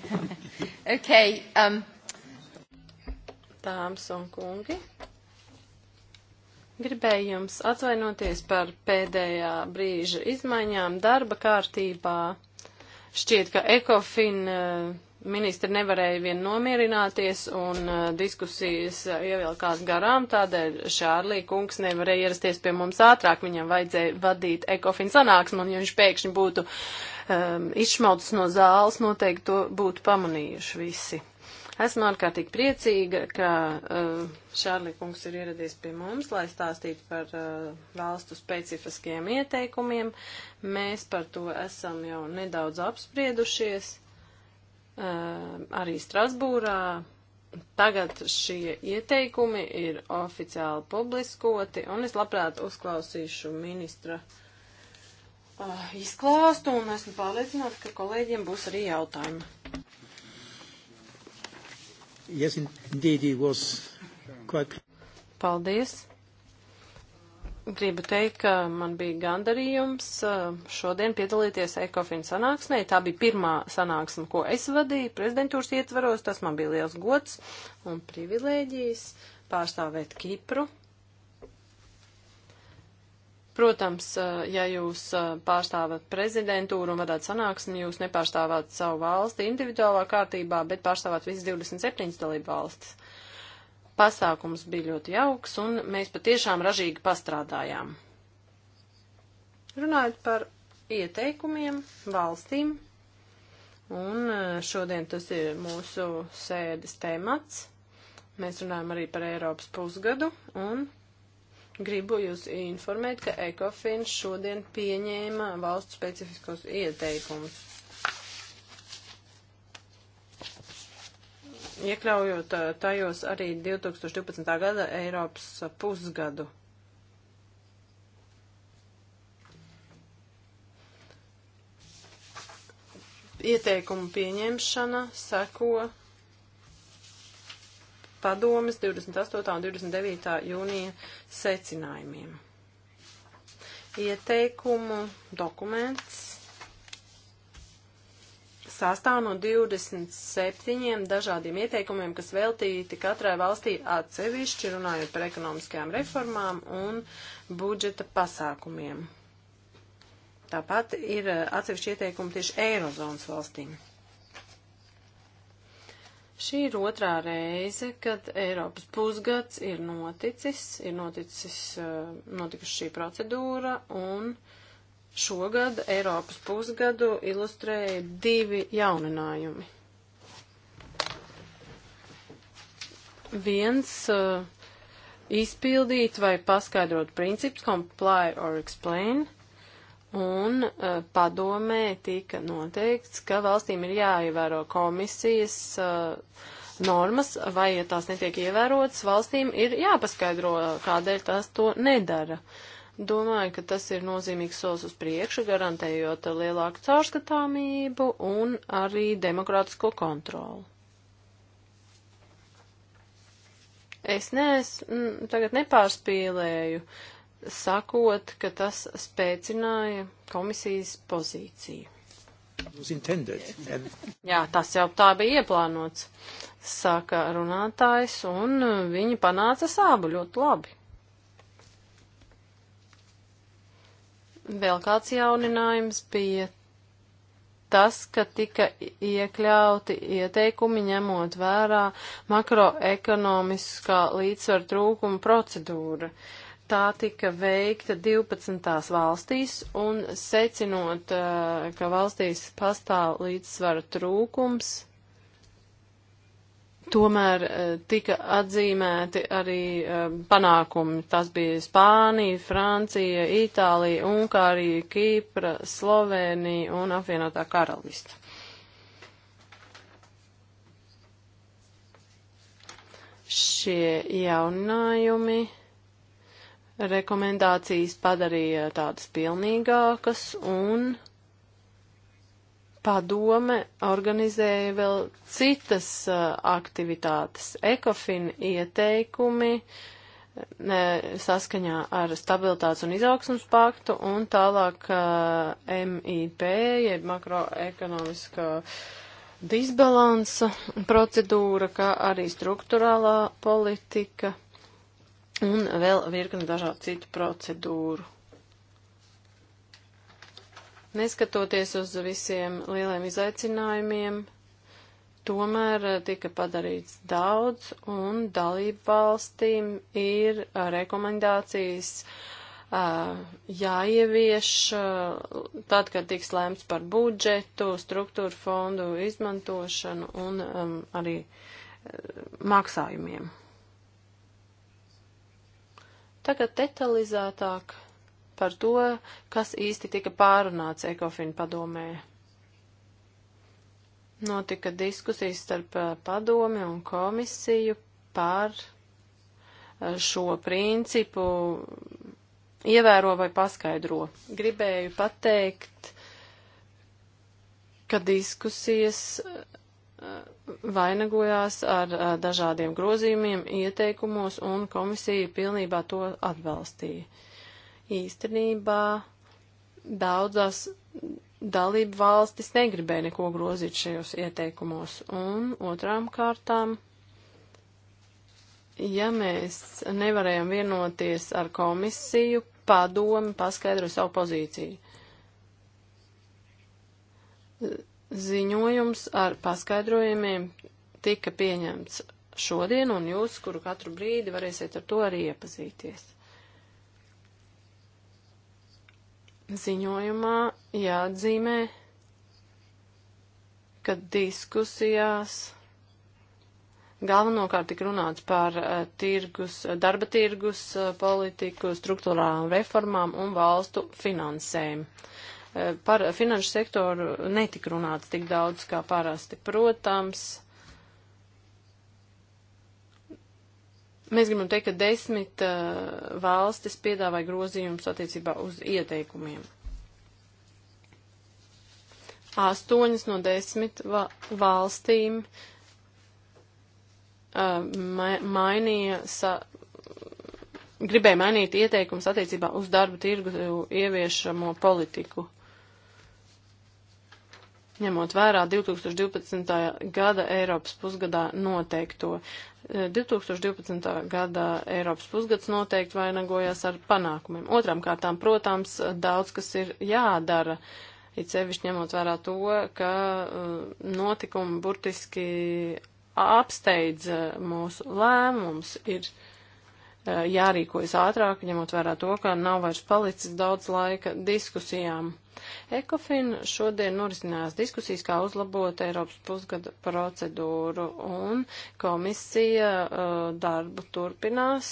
okay, um. Dāmas un kungi, gribēju jums atvainoties par pēdējā brīža izmaiņām darba kārtībā. Šķiet, ka ECOFIN eh, ministri nevarēja vien nomierināties un eh, diskusijas eh, ievilkās garām, tādēļ Šārlī kungs nevarēja ierasties pie mums ātrāk, viņam vajadzēja vadīt ECOFIN sanāksmu, un ja viņš pēkšņi būtu uh, um, ehm, izšmauts no zāles, noteikti to būtu pamanījuši visi. Esmu ārkārtīgi priecīga, ka uh, Šārlī kungs ir ieradies pie mums, lai stāstītu par uh, valstu specifiskajiem ieteikumiem. Mēs par to esam jau nedaudz apspriedušies uh, arī Strasbūrā. Tagad šie ieteikumi ir oficiāli publiskoti, un es labprāt uzklausīšu ministra uh, uh, izklāstu, un esmu pārliecināta, ka kolēģiem būs arī jautājumi. Yes, indeed, it was quite... Paldies! Gribu teikt, ka man bija gandarījums ah, šodien piedalīties Ekofina sanāksmē. Tā bija pirmā sanāksme, ko es vadīju prezidentūras ietvaros. Tas man bija liels gods un privilēģijas pārstāvēt Kipru Protams, ja jūs pārstāvat prezidentūru un vadāt sanāksmi, jūs nepārstāvāt savu valsti individuālā kārtībā, bet pārstāvāt visas 27 dalību valstis. Pasākums bija ļoti jauks un mēs patiešām ražīgi pastrādājām. Runājot par ieteikumiem valstīm, un šodien tas ir mūsu sēdes temats. Mēs runājam arī par Eiropas pusgadu un Gribu jūs informēt, ka Ekofin šodien pieņēma valsts specifiskos ieteikumus. Iekļaujot tajos arī 2012. gada Eiropas pusgadu. Ieteikumu pieņemšana seko padomes 28. un 29. jūnija secinājumiem. Ieteikumu dokuments sastāv no 27 dažādiem ieteikumiem, kas veltīti katrai valstī atsevišķi, runājot par ekonomiskajām reformām un budžeta pasākumiem. Tāpat ir eh, atsevišķi ieteikumi tieši Eirozonas valstīm. Šī ir otrā reize, kad Eiropas pusgads ir noticis, ir noticis, eh, notikusi šī procedūra, un šogad Eiropas pusgadu ilustrēja divi jauninājumi. Viens uh, izpildīt vai paskaidrot princips comply or explain, Un uh, padomē tika noteikts, ka valstīm ir jāievēro komisijas uh, normas, vai ja tās netiek ievērotas, valstīm ir jāpaskaidro, kādēļ tās to nedara. Domāju, ka tas ir nozīmīgs solis uz priekšu, garantējot lielāku caurskatāmību un arī demokrātisko kontroli. Es neesmu, tagad nepārspīlēju. Uh, sakot, ka tas spēcināja komisijas pozīciju. Jā, tas jau tā bija ieplānots, saka runātājs, un viņi panāca sābu ļoti labi. Vēl kāds jauninājums bija tas, ka tika iekļauti ieteikumi ņemot vērā makroekonomiskā līdzsvar trūkuma procedūra. Uh, Tā tika veikta 12 valstīs, un secinot, ka valstīs pastāv līdzsvara trūkums, tomēr tika atzīmēti arī panākumi. Tas bija Spānija, Francija, Itālija, Ungārija, Kīpra, Slovenija un apvienotā karalista. Šie jaunājumi rekomendācijas padarīja tādas pilnīgākas un padome organizēja vēl citas uh, aktivitātes. Ekofin ieteikumi ne, saskaņā ar stabilitātes un izaugsmas paktu un tālāk uh, MIP, jeb makroekonomiskā disbalansa procedūra, kā arī struktūrālā politika un vēl virkni dažādu citu procedūru. Neskatoties uz visiem lieliem izaicinājumiem, tomēr tika padarīts daudz, un dalību valstīm ir rekomendācijas uh, jāievieš uh, tad, kad tiks lēmts par budžetu, struktūru fondu izmantošanu un um, arī uh, maksājumiem. Tagad detalizētāk par to, kas īsti tika pārunāts Ekofin padomē. Notika diskusijas starp eh, padomi un komisiju par eh, šo principu ievēro vai paskaidro. Gribēju pateikt, ka diskusijas vainagojās ar dažādiem grozījumiem, ieteikumos, un komisija pilnībā to atbalstīja. Īstenībā daudzas dalību valstis negribēja neko grozīt šajos ieteikumos, un otrām kārtām, ja mēs nevarējam vienoties ar komisiju, padomi paskaidro savu pozīciju Ziņojums ar paskaidrojumiem tika pieņemts šodien, un jūs, kuru katru brīdi varēsiet ar to arī iepazīties. Ziņojumā jāatzīmē, ka diskusijās galvenokārt tika runāts par uh, tirgus, eh, darba tirgus uh, politiku, struktūrālām reformām un valstu finansēm. Uh, Par finanšu sektoru netika runāts tik daudz kā parasti. Protams, mēs gribam teikt, ka desmit uh, valstis piedāvāja grozījumus attiecībā uz ieteikumiem. Astoņas no desmit va valstīm uh, ma mainīja sa gribēja mainīt ieteikumus attiecībā uz darba tirgu ieviešamo politiku ņemot vērā 2012. gada Eiropas pusgadā noteikto. 2012. E, gada Eiropas pusgads noteikti vainagojās ar panākumiem. Otram kārtām, protams, daudz kas ir jādara, it sevišķi ņemot vērā to, ka e, notikumi burtiski apsteidz e, mūsu lēmums, ir jārīkojas ātrāk, ņemot vērā to, ka nav vairs palicis daudz laika diskusijām. Ekofin šodien norisinās diskusijas, kā uzlabot Eiropas pusgada procedūru, un komisija uh, darbu turpinās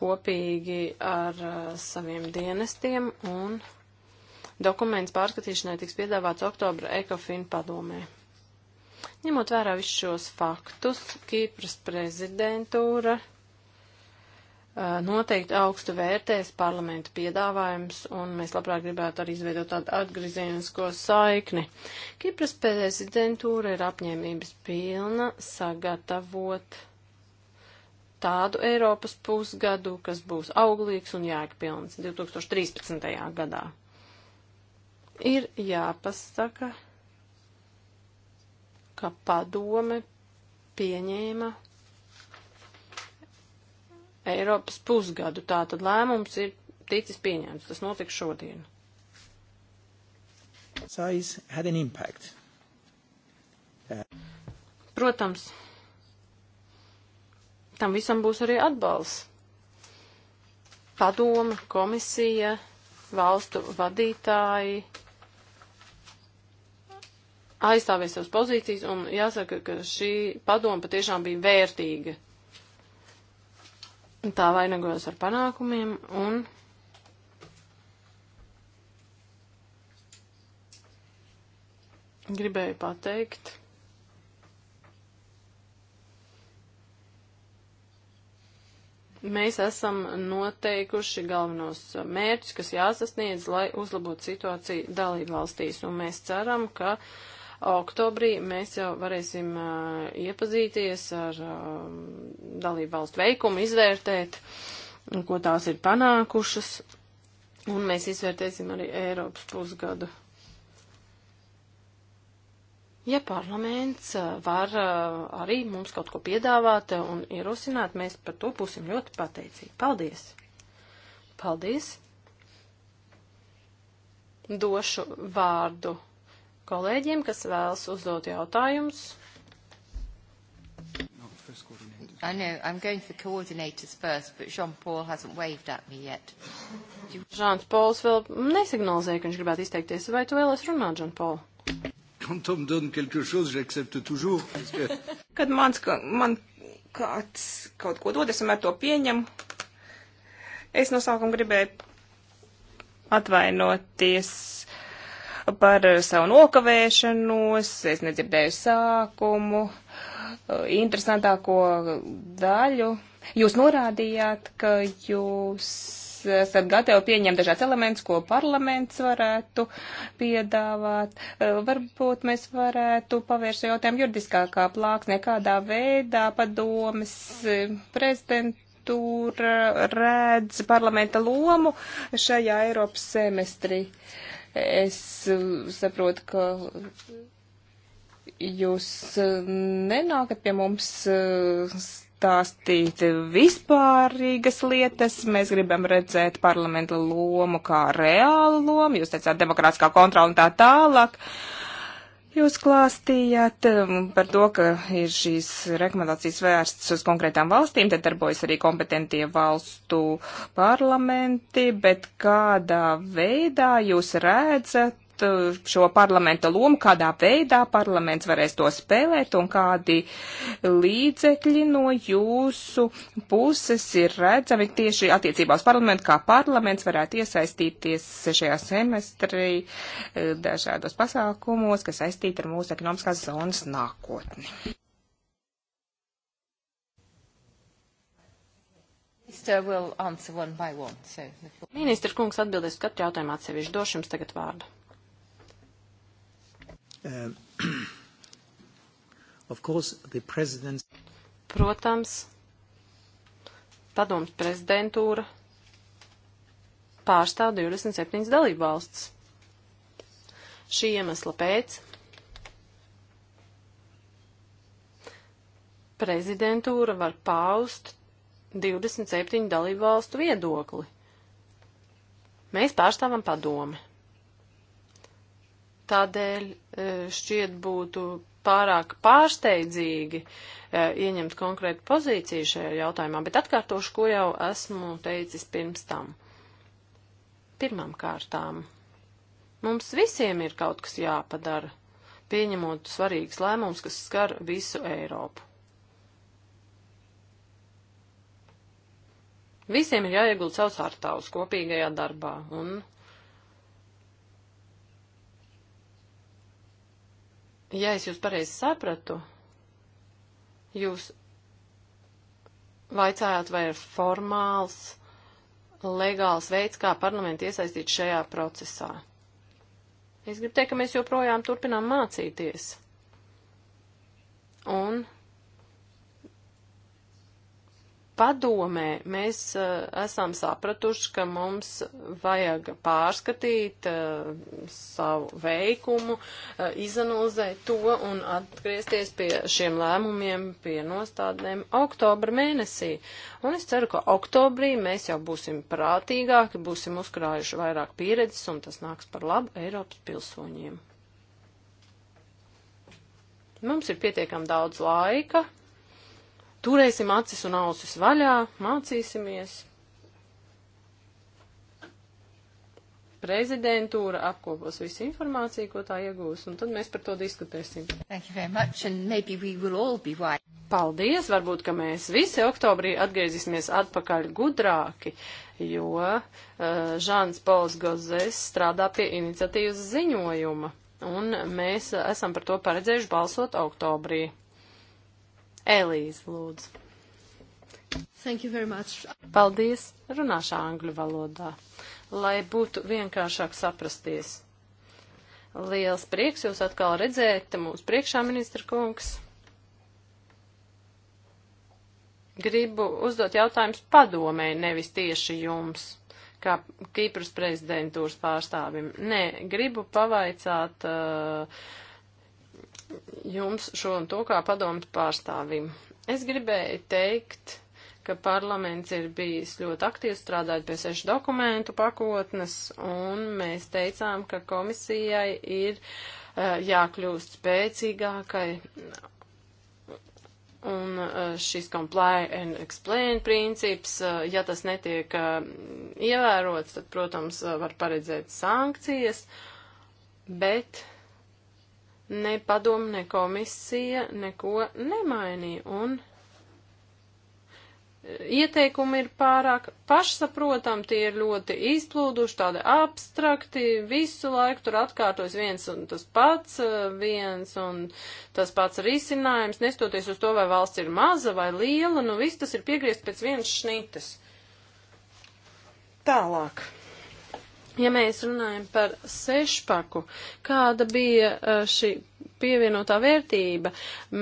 kopīgi ar uh, saviem dienestiem, un dokuments pārskatīšanai tiks piedāvāts oktobra Ekofin padomē. Ņemot vērā visus šos faktus, Kīpras prezidentūra uh, Eh, noteikti augstu vērtēs parlamentu piedāvājums, un mēs labprāt gribētu arī izveidot tādu atgriezienisko saikni. Kipras prezidentūra ir apņēmības pilna sagatavot tādu Eiropas pusgadu, kas būs auglīgs un jēgpilns 2013. gadā. Ir jāpasaka, ka padome pieņēma Eiropas pusgadu. Tātad lēmums ir ticis pieņemts. Tas notika šodien. Size had an impact. Uh. Protams, tam visam būs arī atbalsts. Padoma, komisija, valstu vadītāji aizstāvēja savas pozīcijas, un jāsaka, ka šī padoma patiešām bija vērtīga tā vainagojas ar panākumiem un. Gribēju pateikt. Mēs esam noteikuši galvenos mērķus, kas jāsasniedz, lai uzlabotu situāciju dalību valstīs, un mēs ceram, ka uh, Oktobrī mēs jau varēsim uh, iepazīties ar uh, dalību valstu veikumu, izvērtēt, ko tās ir panākušas, un mēs izvērtēsim arī Eiropas pusgadu Ja parlaments var arī mums kaut ko piedāvāt un ierosināt, mēs par to būsim ļoti pateicīgi. Paldies! Paldies! Došu vārdu kolēģiem, kas vēlas uzdot jautājumus. I know, I'm going for coordinators first, but Jean-Paul hasn't waved at me yet. You... Žāns Pols vēl nesignalizēja, ka viņš gribētu izteikties. Vai tu vēlies runāt, Jean-Paul? Quand on me donne quelque chose, j'accepte toujours. Parce que... Kad mans, ka, man kāds kaut ko dod, es vienmēr to pieņemu. Es no sākuma gribēju atvainoties par savu nokavēšanos, es nedzirdēju sākumu, interesantāko daļu. Jūs norādījāt, ka jūs esat gatavi pieņemt dažādas elements, ko parlaments varētu piedāvāt. Varbūt mēs varētu pavērst šo jautājumu juridiskākā plāksnē, kādā veidā padomas prezidents redz parlamenta lomu šajā Eiropas semestrī. Uh, Es uh, saprotu, ka jūs uh, nenākat pie mums uh, stāstīt vispārīgas lietas. Mēs gribam redzēt parlamenta lomu kā reālu lomu. Jūs teicāt demokrātiskā kontrola un tā tālāk. Uh, Jūs klāstījāt um, par to, ka ir šīs rekomendācijas vērstas uz konkrētām valstīm, te darbojas arī kompetentie valstu parlamenti, bet kādā veidā jūs redzat Eh, šo parlamenta lomu, kādā veidā parlaments varēs to spēlēt un kādi līdzekļi no jūsu puses ir redzami tieši attiecībā uz parlamentu, kā parlaments varētu iesaistīties šajā semestrī eh, dažādos pasākumos, kas saistīti ar mūsu ekonomiskās zonas nākotni. Ministra kungs atbildēs katru jautājumu atsevišķi. Došu jums tagad vārdu. Uh, of course, the president's... Protams, padoms prezidentūra pārstāv 27 dalībvalsts. Šī iemesla pēc prezidentūra var paust 27 dalībvalstu viedokli. Mēs pārstāvam padomi. Tādēļ e, šķiet būtu pārāk pārsteidzīgi e, ieņemt konkrētu pozīciju šajā jautājumā, bet atkārtošu, ko jau esmu teicis pirms tam. Pirmām kārtām mums visiem ir kaut kas jāpadara, pieņemot svarīgas lēmumus, kas skar visu Eiropu. Visiem ir jāiegulda savs ārtavs kopīgajā darbā, un ja es jūs pareizi sapratu, jūs vaicājāt, vai ir formāls, legāls veids, kā parlamentu iesaistīt šajā procesā. Es gribu teikt, ka mēs joprojām turpinām mācīties. Un padomē mēs uh, esam sapratuši, ka mums vajag pārskatīt uh, savu veikumu, uh, izanalizēt to un atgriezties pie šiem lēmumiem, pie nostādēm oktobra mēnesī. Un es ceru, ka oktobrī mēs jau būsim prātīgāki, būsim uzkrājuši vairāk pieredzes un tas nāks par labu Eiropas pilsoņiem. Mums ir pietiekami daudz laika, Turēsim acis un ausis vaļā, mācīsimies. prezidentūra apkopos visu informāciju, ko tā iegūs, un tad mēs par to diskutēsim. Much, be... Paldies, varbūt, ka mēs visi oktobrī atgriezīsimies atpakaļ gudrāki, jo uh, Žāns Pols Gozes strādā pie iniciatīvas ziņojuma, un mēs eh, esam par to paredzējuši balsot oktobrī. Elīze, lūdzu. Thank you very much. Paldies. Runāšu angļu valodā, lai būtu vienkāršāk saprasties. Liels prieks jūs atkal redzēt, mūsu priekšā ministra kungs. Gribu uzdot jautājumus padomē, nevis tieši jums, kā Kīpras prezidentūras pārstāvim. Nē, gribu pavaicāt. Uh, jums šo un to kā padomas pārstāvim. Es gribēju teikt, ka parlaments ir bijis ļoti aktīvs strādājot pie sešu dokumentu pakotnes, un mēs teicām, ka komisijai ir uh, jākļūst spēcīgākai un eh, šis comply and explain princips, eh, ja tas netiek ievērots, tad, protams, var paredzēt sankcijas, bet ne padomu, ne komisija neko nemainīja. Un e, ieteikumi ir pārāk pašsaprotam, tie ir ļoti izplūduši, tādi abstrakti, visu laiku tur atkārtos viens un tas pats, e, viens un tas pats risinājums, nestoties uz to, vai valsts ir maza vai liela, nu viss tas ir piegriezt pēc vienas šnites. Tālāk. Ja mēs runājam par sešpaku, kāda bija e, šī pievienotā vērtība,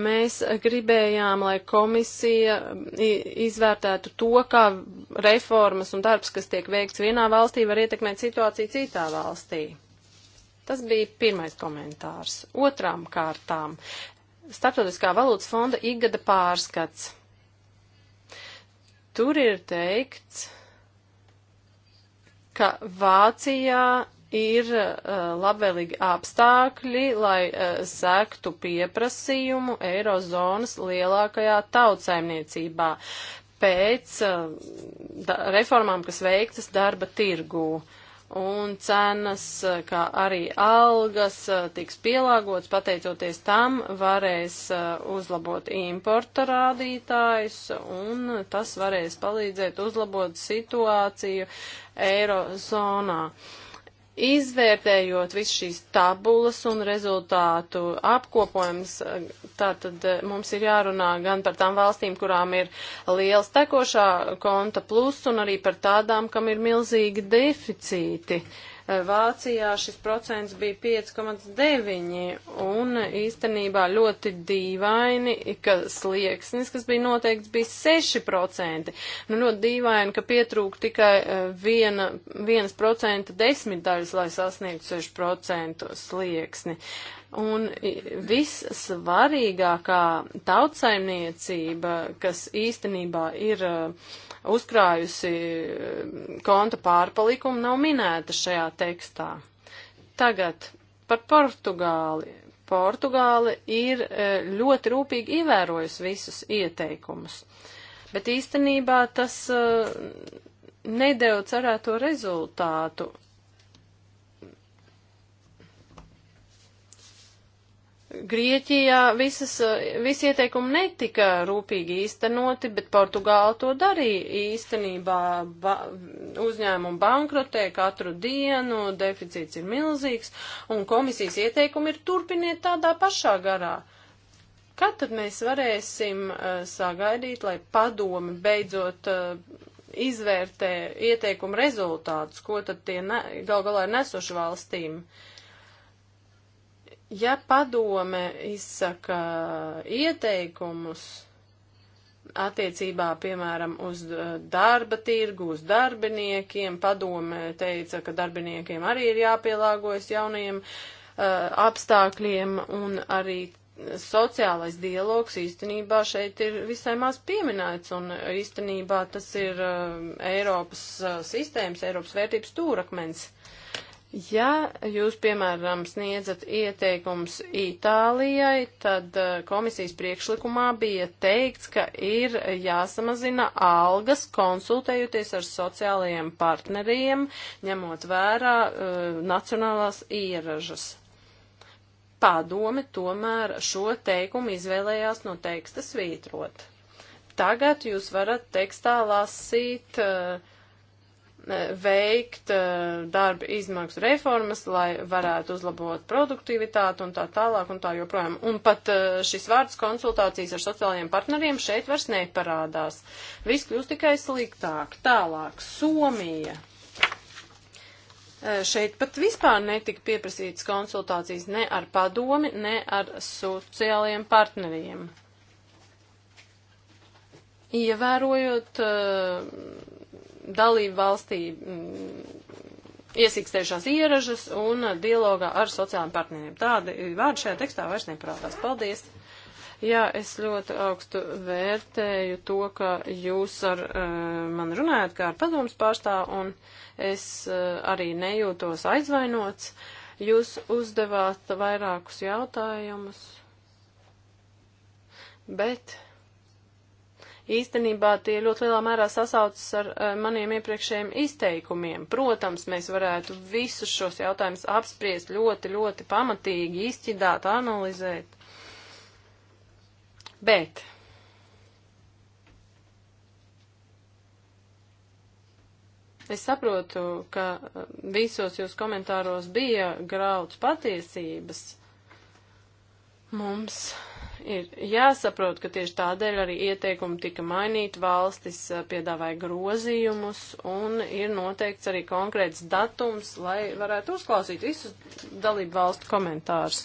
mēs gribējām, lai komisija izvērtētu to, kā reformas un darbs, kas tiek veikts vienā valstī, var ietekmēt situāciju citā valstī. Tas bija pirmais komentārs. Otrām kārtām - Startautiskā valūtas fonda ikgada pārskats. Tur ir teikts, ka Vācijā ir uh, labvēlīgi apstākļi, lai uh, sektu pieprasījumu Eirozonas lielākajā tautsaimniecībā pēc uh, da, reformām, kas veiktas darba tirgū. Uh, un cenas, eh, kā arī algas eh, tiks pielāgots, pateicoties tam varēs eh, uzlabot importa rādītājs, un tas varēs palīdzēt uzlabot situāciju Eirozonā. Uh, Izvērtējot visu šīs tabulas un rezultātu apkopojums, tātad eh, mums ir jārunā gan par tām valstīm, kurām ir liels tekošā konta plus, un arī par tādām, kam ir milzīgi deficīti. Uh, Eh, Vācijā šis procents bija 5,9 un īstenībā ļoti dīvaini, ka slieksnis, kas bija noteikts, bija 6%. Nu, ļoti dīvaini, ka pietrūk tikai eh, viena, vienas procenta desmitdaļas, lai sasniegtu 6% slieksni. Uh, Un vissvarīgākā tautsaimniecība, kas īstenībā ir uh, uzkrājusi uh, konta pārpalikumu, nav minēta šajā tekstā. Tagad par Portugāli. Portugāli ir uh, ļoti rūpīgi ievērojusi visus ieteikumus, bet īstenībā tas nedēļ cerēto rezultātu. Grieķijā visas, eh, visi ieteikumi netika rūpīgi īstenoti, bet Portugāla to darīja īstenībā. Ba, uzņēmumu bankrotē katru dienu, deficīts ir milzīgs, un komisijas ieteikumi ir turpiniet tādā pašā garā. Kad tad mēs varēsim uh, sagaidīt, lai padomi beidzot uh, izvērtē ieteikumu rezultātus, ko tad tie ne, gal galā ir nesoši valstīm? Uh, Ja padome izsaka ieteikumus attiecībā, piemēram, uz uh, darba tirgu, uz darbiniekiem, padome teica, ka darbiniekiem arī ir jāpielāgojas jaunajiem uh, apstākļiem un arī sociālais dialogs īstenībā šeit ir visai maz pieminēts, un īstenībā tas ir uh, Eiropas uh, sistēmas, Eiropas vērtības stūrakmens. Ja jūs, piemēram, sniedzat ieteikums Itālijai, tad eh, komisijas priekšlikumā bija teikts, ka ir jāsamazina algas, konsultējoties ar sociālajiem partneriem, ņemot vērā uh, nacionālās ieražas. Padome tomēr šo teikumu izvēlējās no teksta svītrot. Tagad jūs varat tekstā lasīt uh, E, veikt e, darba izmaksu reformas, lai varētu uzlabot produktivitāti un tā tālāk un tā joprojām. Un pat e, šis vārds konsultācijas ar sociālajiem partneriem šeit vairs neparādās. Viss kļūst tikai sliktāk. Tālāk, Somija. Šeit pat vispār netika pieprasītas konsultācijas ne ar padomi, ne ar sociālajiem partneriem. Ievērojot uh, dalību valstī mm, iesikstējušās ieražas un dialogā ar sociālajiem partneriem. Tādi vārdi šajā tekstā vairs neprātās. Paldies! Jā, es ļoti augstu vērtēju to, ka jūs ar uh, eh, mani runājat kā ar padomus pārstāvu, un es uh, arī nejūtos aizvainots. Jūs uzdevāt vairākus jautājumus, bet īstenībā tie ļoti lielā mērā sasaucas ar eh, maniem iepriekšējiem izteikumiem. Protams, mēs varētu visus šos jautājumus apspriest ļoti, ļoti pamatīgi, izķidāt, analizēt. Bet Es saprotu, ka eh, visos jūs komentāros bija grauds patiesības. Mums Ir jāsaprot, ka tieši tādēļ arī ieteikumi tika mainīti, valstis eh, piedāvāja grozījumus un ir noteikts arī konkrēts datums, lai varētu uzklausīt visus dalību valstu komentārus.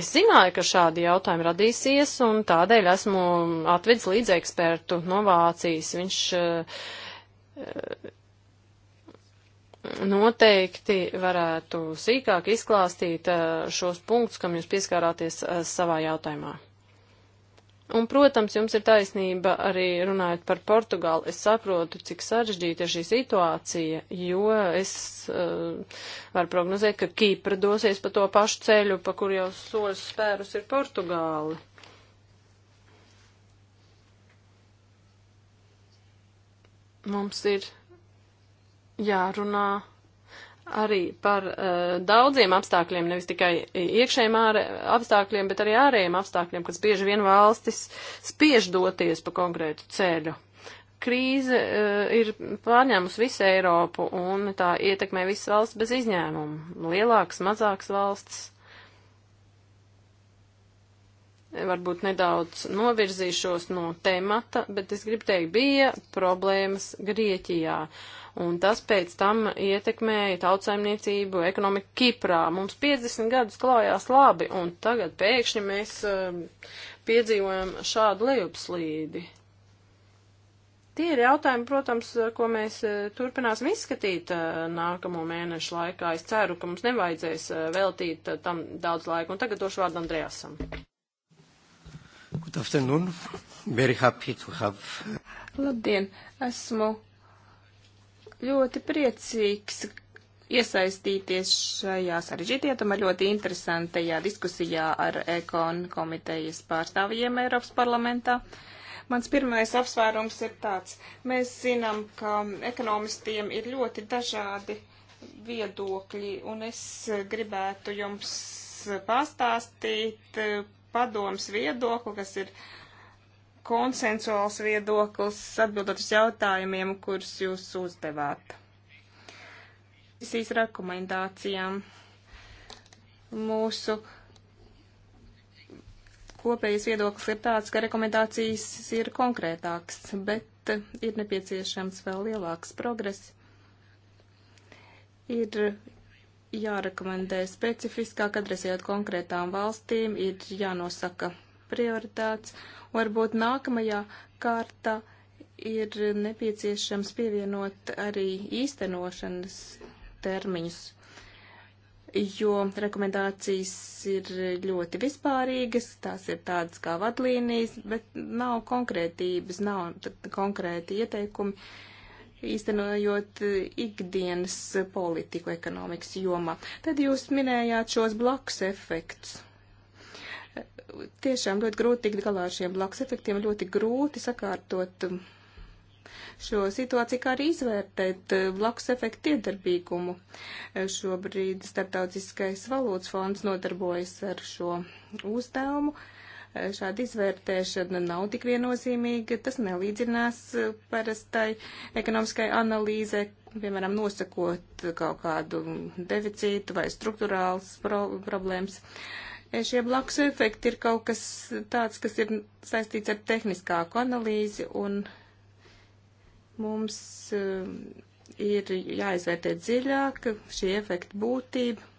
Es zināju, ka šādi jautājumi radīsies, un tādēļ esmu atvedis līdz ekspertu no Vācijas. Viņš uh, noteikti varētu sīkāk izklāstīt eh, šos punktus, kam jūs pieskārāties eh, savā jautājumā. Un, protams, jums ir taisnība arī runājot par Portugāli. Es saprotu, cik sarežģīta ir šī situācija, jo es uh, varu prognozēt, ka Kīpra dosies pa to pašu ceļu, pa kur jau soļus spērus ir Portugāli. Mums ir jārunā arī par uh, daudziem apstākļiem, nevis tikai iekšējiem ārē, apstākļiem, bet arī ārējiem apstākļiem, kas bieži vien valstis spiež doties pa konkrētu ceļu. Krīze uh, ir pārņēmusi visu Eiropu un tā ietekmē visas valsts bez izņēmumu - lielākas, mazākas valsts varbūt nedaudz novirzīšos no temata, bet es gribu teikt, bija problēmas Grieķijā. Un tas pēc tam ietekmēja tautsaimniecību, ekonomiku Kiprā. Mums 50 gadus klājās labi, un tagad pēkšņi mēs uh, piedzīvojam šādu lejupslīdi. Tie ir jautājumi, protams, ko mēs uh, turpināsim izskatīt uh, nākamo mēnešu laikā. Es ceru, ka mums nevajadzēs uh, veltīt tam daudz laika. Un tagad došu vārdu Andrejasam. Good afternoon. Very happy to have. Uh, Labdien! Esmu ļoti priecīgs iesaistīties šajā sarežģītajā, tomēr ļoti interesantajā diskusijā ar ekon komitejas pārstāvjiem Eiropas parlamentā. Mans pirmais apsvērums ir tāds. Mēs zinām, ka ekonomistiem ir ļoti dažādi viedokļi, un es gribētu jums pastāstīt padomas viedokli, kas ir konsensuāls viedoklis, atbildot uz jautājumiem, kurus jūs uzdevāt. Šīs rekomendācijām mūsu kopējais viedoklis ir tāds, ka rekomendācijas ir konkrētāks, bet ir nepieciešams vēl lielāks progress. Ir jārekomendē specifiskāk, adresējot konkrētām valstīm, ir jānosaka prioritātes. Varbūt nākamajā kārtā ir nepieciešams pievienot arī īstenošanas termiņus, jo rekomendācijas ir ļoti vispārīgas, tās ir tādas kā vadlīnijas, bet nav konkrētības, nav konkrēti ieteikumi īstenojot ikdienas politiku ekonomikas jomā. Tad jūs minējāt šos blakus efektus. Tiešām ļoti grūti tikt galā ar šiem blakus efektiem, ļoti grūti sakārtot um, šo situāciju, kā arī izvērtēt uh, blakus efektu iedarbīgumu. Uh, šobrīd Startautiskais valūtas fonds nodarbojas ar šo uzdevumu. Uh, šāda izvērtēšana nav tik viennozīmīga, tas nelīdzinās parastai ekonomiskai analīzē, piemēram, nosakot kaut kādu deficītu vai struktūrāls pro problēmas. E, šie blakus efekti ir kaut kas tāds, kas ir saistīts ar tehniskāku analīzi, un mums e, ir jāizvērtē dziļāk šī efekta būtība,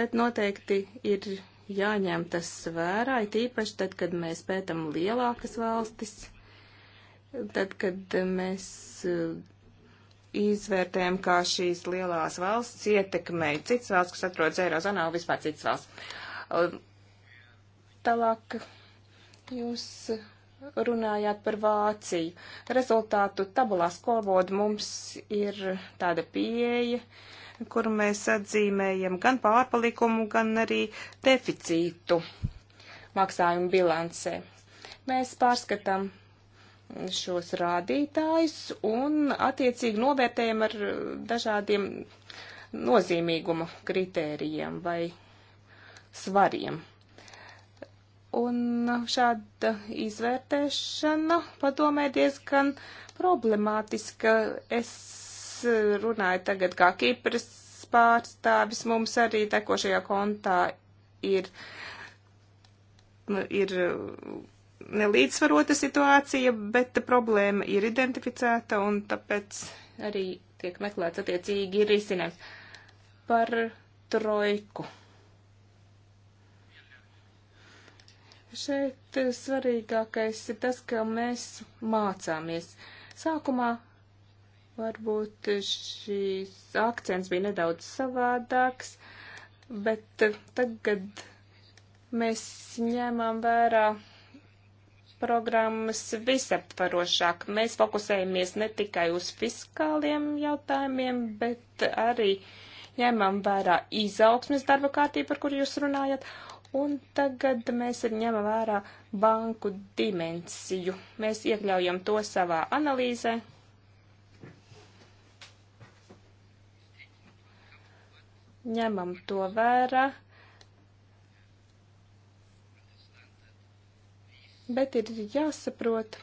bet noteikti ir jāņem tas vērā, it īpaši tad, kad mēs pētam lielākas valstis, tad, kad mēs eh, izvērtējam, kā šīs lielās valsts ietekmē citas valsts, kas atrodas Eirozonā un vispār citas valsts. Eh, tālāk jūs runājāt par Vāciju. Rezultātu tabulā skolvodu mums ir tāda pieeja, uh, kur mēs atzīmējam gan pārpalikumu, gan arī deficītu maksājumu bilancē. Mēs pārskatām šos rādītājus un attiecīgi novērtējam ar dažādiem nozīmīguma kritērijiem vai svariem. Un šāda izvērtēšana padomē diezgan problemātiska. Es runāju tagad kā Kipras pārstāvis, mums arī tekošajā kontā ir, nu, ir uh, nelīdzsvarota situācija, bet problēma ir identificēta un tāpēc arī tiek meklēts attiecīgi risinājums par trojku. Šeit svarīgākais ir tas, ka mēs mācāmies. Sākumā Varbūt šīs akcents bija nedaudz savādāks, bet tagad mēs ņemam vērā programmas visaptvarošāk. Mēs fokusējamies ne tikai uz fiskāliem jautājumiem, bet arī ņemam vērā izaugsmes darba kārtību, par kuru jūs runājat, un tagad mēs arī ņemam vērā banku dimensiju. Mēs iekļaujam to savā analīzē, ņemam to vērā, bet ir jāsaprot,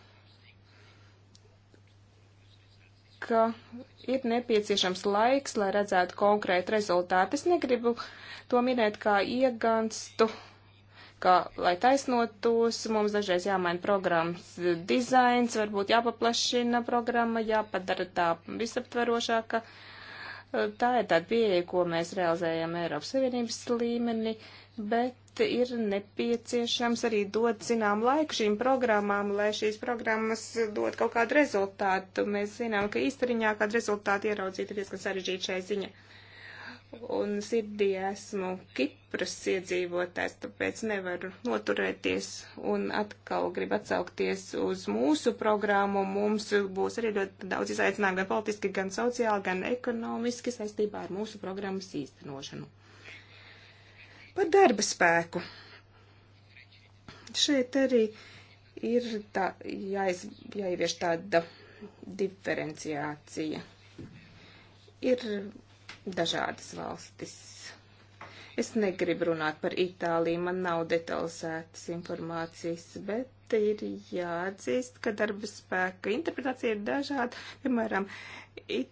ka ir nepieciešams laiks, lai redzētu konkrētu rezultātu. Es negribu to minēt kā ieganstu, ka, lai taisnotos, mums dažreiz jāmaina programmas dizains, varbūt jāpaplašina programma, jāpadara tā visaptverošāka. Uh, Tā ir tāda pieeja, ko mēs realizējam Eiropas Savienības līmenī, bet ir nepieciešams arī dot zinām laiku šīm programmām, lai šīs programmas dot kaut kādu rezultātu. Mēs zinām, ka īsteriņā kādu rezultātu ieraudzīt ir diezgan sarežģīti šai ziņai un sirdī esmu Kipras iedzīvotājs, tāpēc nevaru noturēties un atkal gribu atsaukties uz mūsu programmu. Mums būs arī ļoti daudz izaicinājumu gan politiski, gan sociāli, gan ekonomiski saistībā ar mūsu programmas īstenošanu. Par darba spēku. Šeit arī ir tā, jāiz, jāievieš tāda diferenciācija. Ir dažādas valstis. Es negribu runāt par Itāliju, man nav detalizētas informācijas, bet ir jāatzīst, ka darba spēka interpretācija ir dažāda. Piemēram, it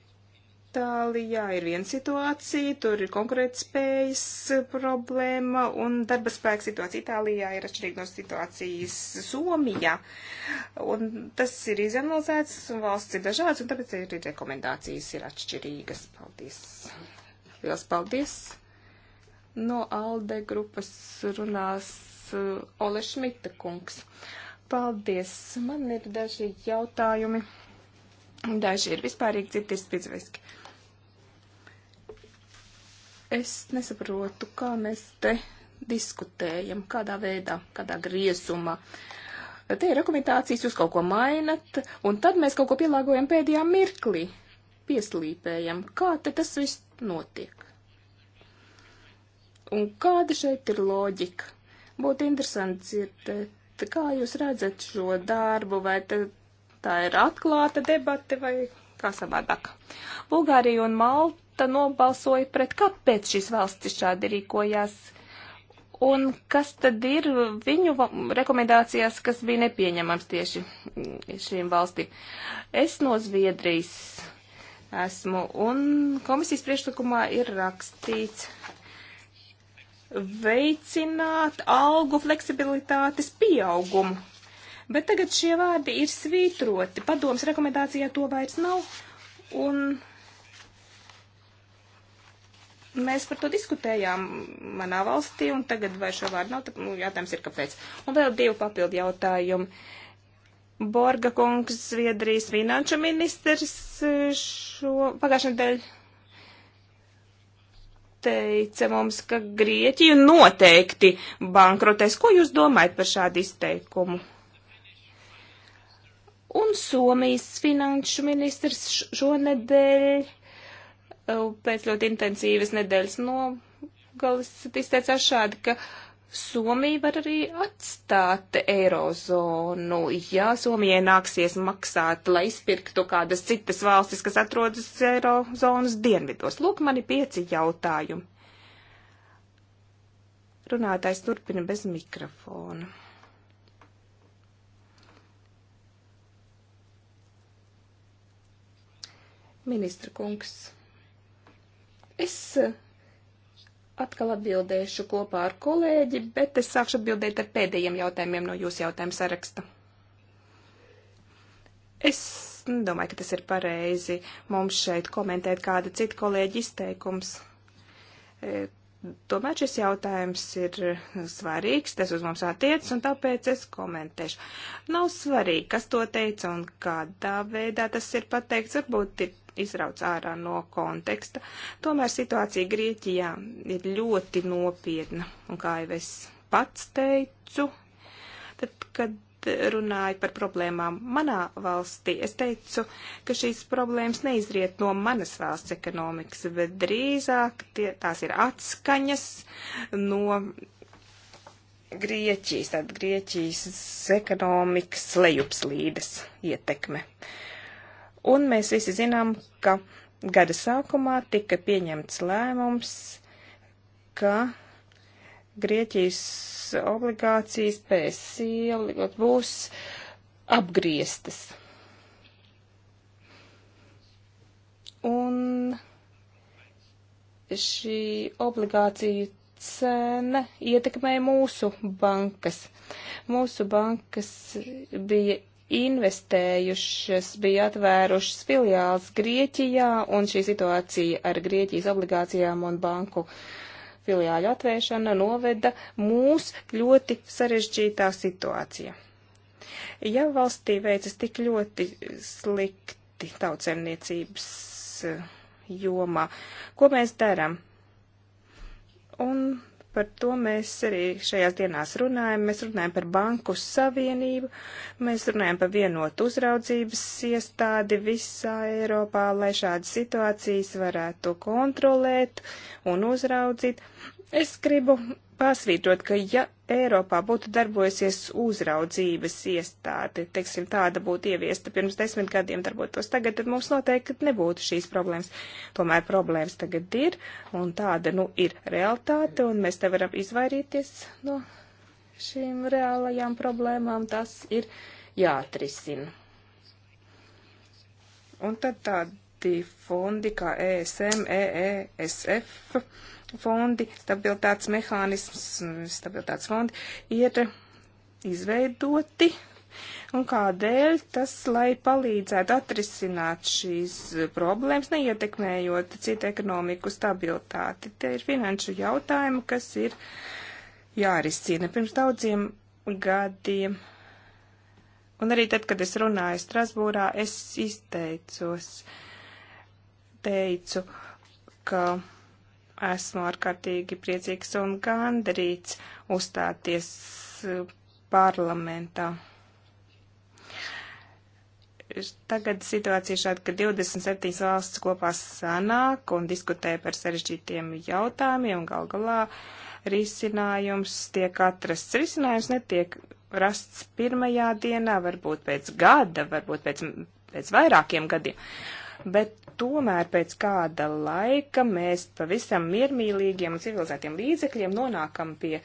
Itālijā ir viena situācija, tur ir konkurētspējas eh, problēma un darba spēka situācija Itālijā ir atšķirīga no situācijas Somijā. Un tas ir izanalizēts, un valsts ir dažādas, un tāpēc arī rekomendācijas ir atšķirīgas. Paldies! Liels paldies! No Alde grupas runās eh, Ole Šmita kungs. Paldies! Man ir daži jautājumi. Daži ir vispārīgi, citi ir specifiski. Es nesaprotu, kā mēs te diskutējam, kādā veidā, kādā griezumā. Te ir rekomendācijas, jūs kaut ko mainat, un tad mēs kaut ko pielāgojam pēdējā mirklī, pieslīpējam. Kā te tas viss notiek? Un kāda šeit ir loģika? Būtu interesanti dzirdēt, kā jūs redzat šo darbu, vai te, tā ir atklāta debate, vai kā savādāk. Bulgārija un Malta tauta nobalsoja pret, kāpēc šīs valstis šādi rīkojās. Un kas tad ir viņu rekomendācijās, kas bija nepieņemams tieši šīm valstīm? Es no Zviedrijas esmu, un komisijas priekšlikumā ir rakstīts veicināt algu fleksibilitātes pieaugumu. Bet tagad šie vārdi ir svītroti. Padoms rekomendācijā to vairs nav. Un mēs par to diskutējām manā valstī, un tagad vai šo vārdu nav, tad nu, jautājums ir, kāpēc. Un vēl divi papildu jautājumi. Borga kungs, Zviedrijas finanšu ministrs šo pagājušajā nedēļā teica mums, ka Grieķija noteikti bankrotēs. Ko jūs domājat par šādu izteikumu? Un Somijas finanšu ministrs šonedēļ Uh, pēc ļoti intensīvas nedēļas nogalas izteicās šādi, ka Somija var arī atstāt eirozonu, ja Somijai nāksies maksāt, lai izpirktu kādas citas valstis, kas atrodas eirozonas dienvidos. Lūk, mani pieci jautājumi. Runātājs turpina bez mikrofona. Ministra kungs. Es eh, atkal atbildēšu kopā ar kolēģi, bet es sākšu atbildēt ar pēdējiem jautājumiem no jūsu jautājumu saraksta. Es domāju, ka tas ir pareizi mums šeit komentēt kāda cita kolēģa izteikums eh, Tomēr šis jautājums ir svarīgs, tas uz mums attiec, un tāpēc es komentēšu. Nav svarīgi, kas to teica un kādā veidā tas ir pateikts, varbūt ir izrauts ārā no konteksta. Tomēr situācija Grieķijā ir ļoti nopietna, un kā jau es pats teicu, tad, kad runāju par problēmām manā valstī, es teicu, ka šīs problēmas neizriet no manas valsts ekonomikas, bet drīzāk tie, tās ir atskaņas no Grieķijas, tad Grieķijas ekonomikas lejupslīdes ietekme. Un mēs visi zinām, ka gada sākumā tika pieņemts lēmums, ka Grieķijas obligācijas PSI būs apgrieztas. Un šī obligācija cena ietekmēja mūsu bankas. Mūsu bankas bija investējušas, bija atvērušas filiāls Grieķijā, un šī situācija ar Grieķijas obligācijām un banku uh, filiāļu atvēršana noveda mūs ļoti sarežģītā situācijā. Ja valstī veicas tik ļoti slikti tautsemniecības eh, jomā, ko mēs darām? Un Par to mēs arī šajās dienās runājam. Mēs runājam par banku savienību, mēs runājam par vienotu uzraudzības iestādi visā Eiropā, lai šādas situācijas varētu kontrolēt un uzraudzīt. Es gribu pasvītrot, ka ja Eiropā būtu darbojusies uzraudzības iestāde, teiksim, tāda būtu ieviesta pirms desmit gadiem darbotos tagad, tad mums noteikti nebūtu šīs problēmas. Tomēr problēmas tagad ir, un tāda, nu, ir realitāte, un mēs te varam izvairīties no šīm reālajām problēmām, tas ir jāatrisina. Un tad tādi fondi kā ESM, EESF fondi, stabilitātes mehānisms, stabilitātes fondi ir izveidoti. Un kādēļ tas, lai palīdzētu atrisināt šīs problēmas, neietekmējot citu ekonomiku stabilitāti? Tie ir finanšu jautājumi, kas ir jārisina pirms daudziem gadiem. Un arī tad, kad es runāju Strasbūrā, es izteicos, teicu, ka esmu ārkārtīgi priecīgs un gandarīts uzstāties eh, parlamentā. Tagad situācija šāda, ka 27 valsts kopā sanāk un diskutē par sarežģītiem jautājumiem un gal galā risinājums tiek atrasts. Risinājums netiek rasts pirmajā dienā, varbūt pēc gada, varbūt pēc, pēc vairākiem gadiem. Uh, bet tomēr pēc kāda laika mēs pavisam miermīlīgiem un civilizētiem līdzekļiem nonākam pie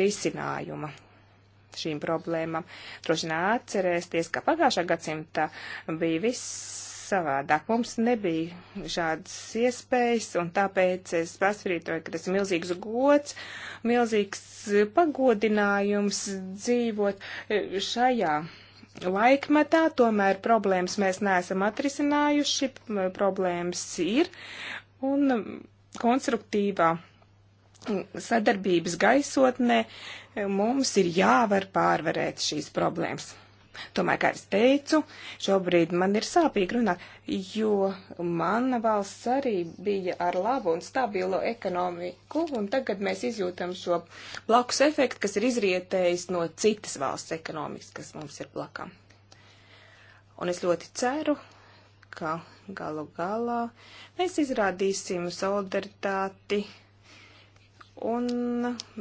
risinājuma šīm problēmām. Droši vien atcerēsties, ka pagājušā gadsimta bija viss savādāk. Mums nebija šādas iespējas, un tāpēc es pasvirītoju, ka tas ir milzīgs gods, milzīgs pagodinājums dzīvot šajā laikmetā, tomēr problēmas mēs neesam atrisinājuši, problēmas ir, un konstruktīvā sadarbības gaisotnē mums ir jāvar pārvarēt šīs problēmas. Tomēr, kā es teicu, šobrīd man ir sāpīgi runāt, jo mana valsts arī bija ar labu un stabilu ekonomiku, un tagad mēs izjūtam šo blakus efektu, kas ir izrietējis no citas valsts ekonomikas, kas mums ir blakam. Un es ļoti ceru, ka galu galā mēs izrādīsim solidaritāti un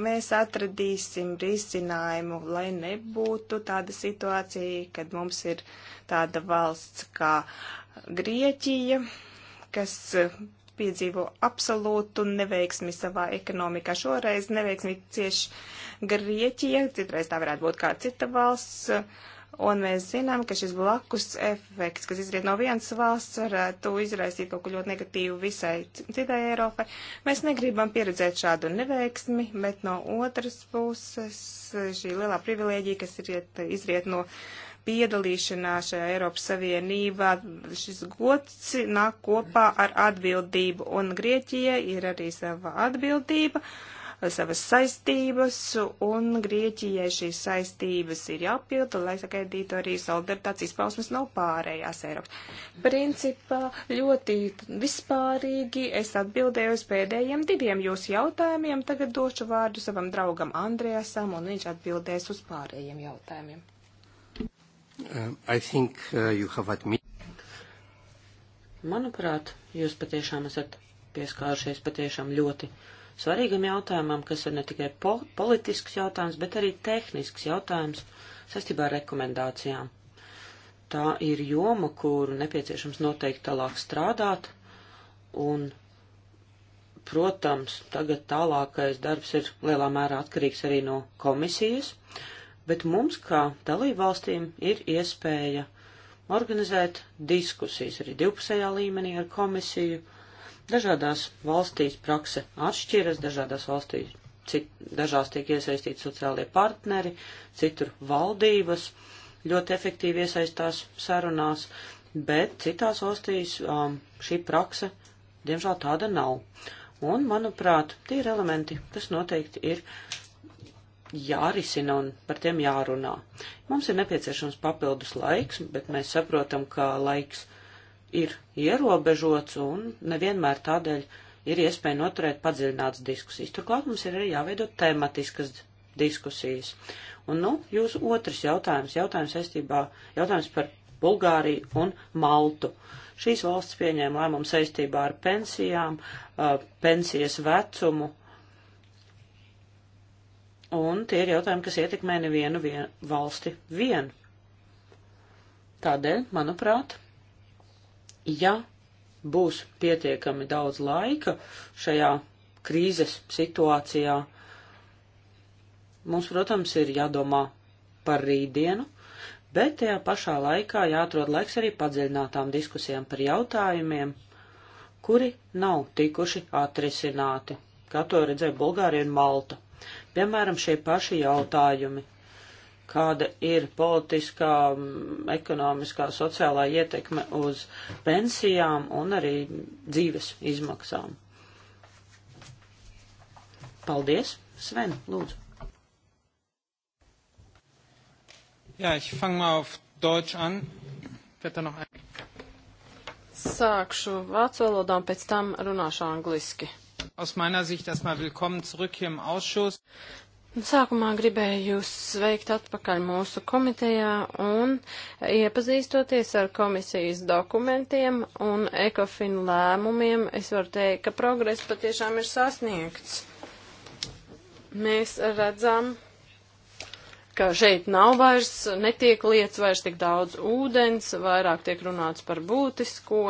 mēs atradīsim risinājumu, lai nebūtu tāda situācija, kad mums ir tāda valsts kā Grieķija, kas piedzīvo absolūtu neveiksmi savā ekonomikā. Šoreiz neveiksmi cieši Grieķija, citreiz tā varētu būt kā cita valsts Un mēs zinām, ka šis blakus efekts, kas izriet no vienas valsts, varētu izraisīt kaut ko ļoti negatīvu visai citai Eiropai. Mēs negribam pieredzēt šādu neveiksmi, bet no otras puses šī lielā privilēģija, kas izriet, izriet no piedalīšanās šajā Eiropas Savienībā, šis gods nāk kopā ar atbildību, un Grieķijai ir arī sava atbildība. Uh, savas saistības, un Grieķijai šīs saistības ir jāpilda, lai sagaidītu arī solidaritātes izpausmes no pārējās Eiropas. Principā ļoti vispārīgi es atbildēju uz pēdējiem diviem jūsu jautājumiem. Tagad došu vārdu savam draugam Andrēsam, un viņš atbildēs uz pārējiem jautājumiem. Uh, I think uh, you have admitted. Manuprāt, jūs patiešām esat pieskārušies patiešām ļoti svarīgam jautājumam, kas ir ne tikai po politisks jautājums, bet arī tehnisks jautājums saistībā ar rekomendācijām. Tā ir joma, kur nepieciešams noteikti tālāk strādāt, un, protams, tagad tālākais darbs ir lielā mērā atkarīgs arī no komisijas, bet mums, kā dalībvalstīm, ir iespēja organizēt diskusijas arī divpusējā līmenī ar komisiju Dažādās valstīs prakse atšķiras, dažādās valstīs, cit, dažās tiek iesaistīti sociālie partneri, citur valdības ļoti efektīvi iesaistās sarunās, bet citās valstīs um, šī prakse, diemžēl, tāda nav. Un, manuprāt, tie ir elementi, kas noteikti ir jārisina un par tiem jārunā. Mums ir nepieciešams papildus laiks, bet mēs saprotam, ka laiks ir ierobežots un nevienmēr tādēļ ir iespēja noturēt padziļinātas diskusijas. Turklāt mums ir arī jāveido tematiskas diskusijas. Un, nu, jūsu otrs jautājums, jautājums saistībā, jautājums par Bulgāriju un Maltu. Šīs valsts pieņēma lēmumu saistībā ar pensijām, pensijas vecumu, un tie ir jautājumi, kas ietekmē nevienu vien, valsti vien. Tādēļ, manuprāt, ja būs pietiekami daudz laika šajā krīzes situācijā, mums, protams, ir jādomā par rītdienu, bet tajā pašā laikā jāatrod laiks arī padziļinātām diskusijām par jautājumiem, kuri nav tikuši atrisināti, kā to redzēja Bulgārija un Malta. Piemēram, šie paši jautājumi kāda ir politiskā, ekonomiskā, sociālā ietekme uz pensijām un arī dzīves izmaksām. Paldies, Sven, lūdzu. Jā, ich fang mal auf Deutsch an. Wird da noch ein... Sākšu vācu valodā un pēc tam runāšu angliski. Aus meiner Sicht erstmal willkommen zurück hier im Ausschuss. Sākumā gribēju jūs sveikt atpakaļ mūsu komitejā un iepazīstoties ar komisijas dokumentiem un ekofinu lēmumiem, es varu teikt, ka progress patiešām ir sasniegts. Mēs redzam, ka šeit nav vairs, netiek lietas vairs tik daudz ūdens, vairāk tiek runāts par būtisko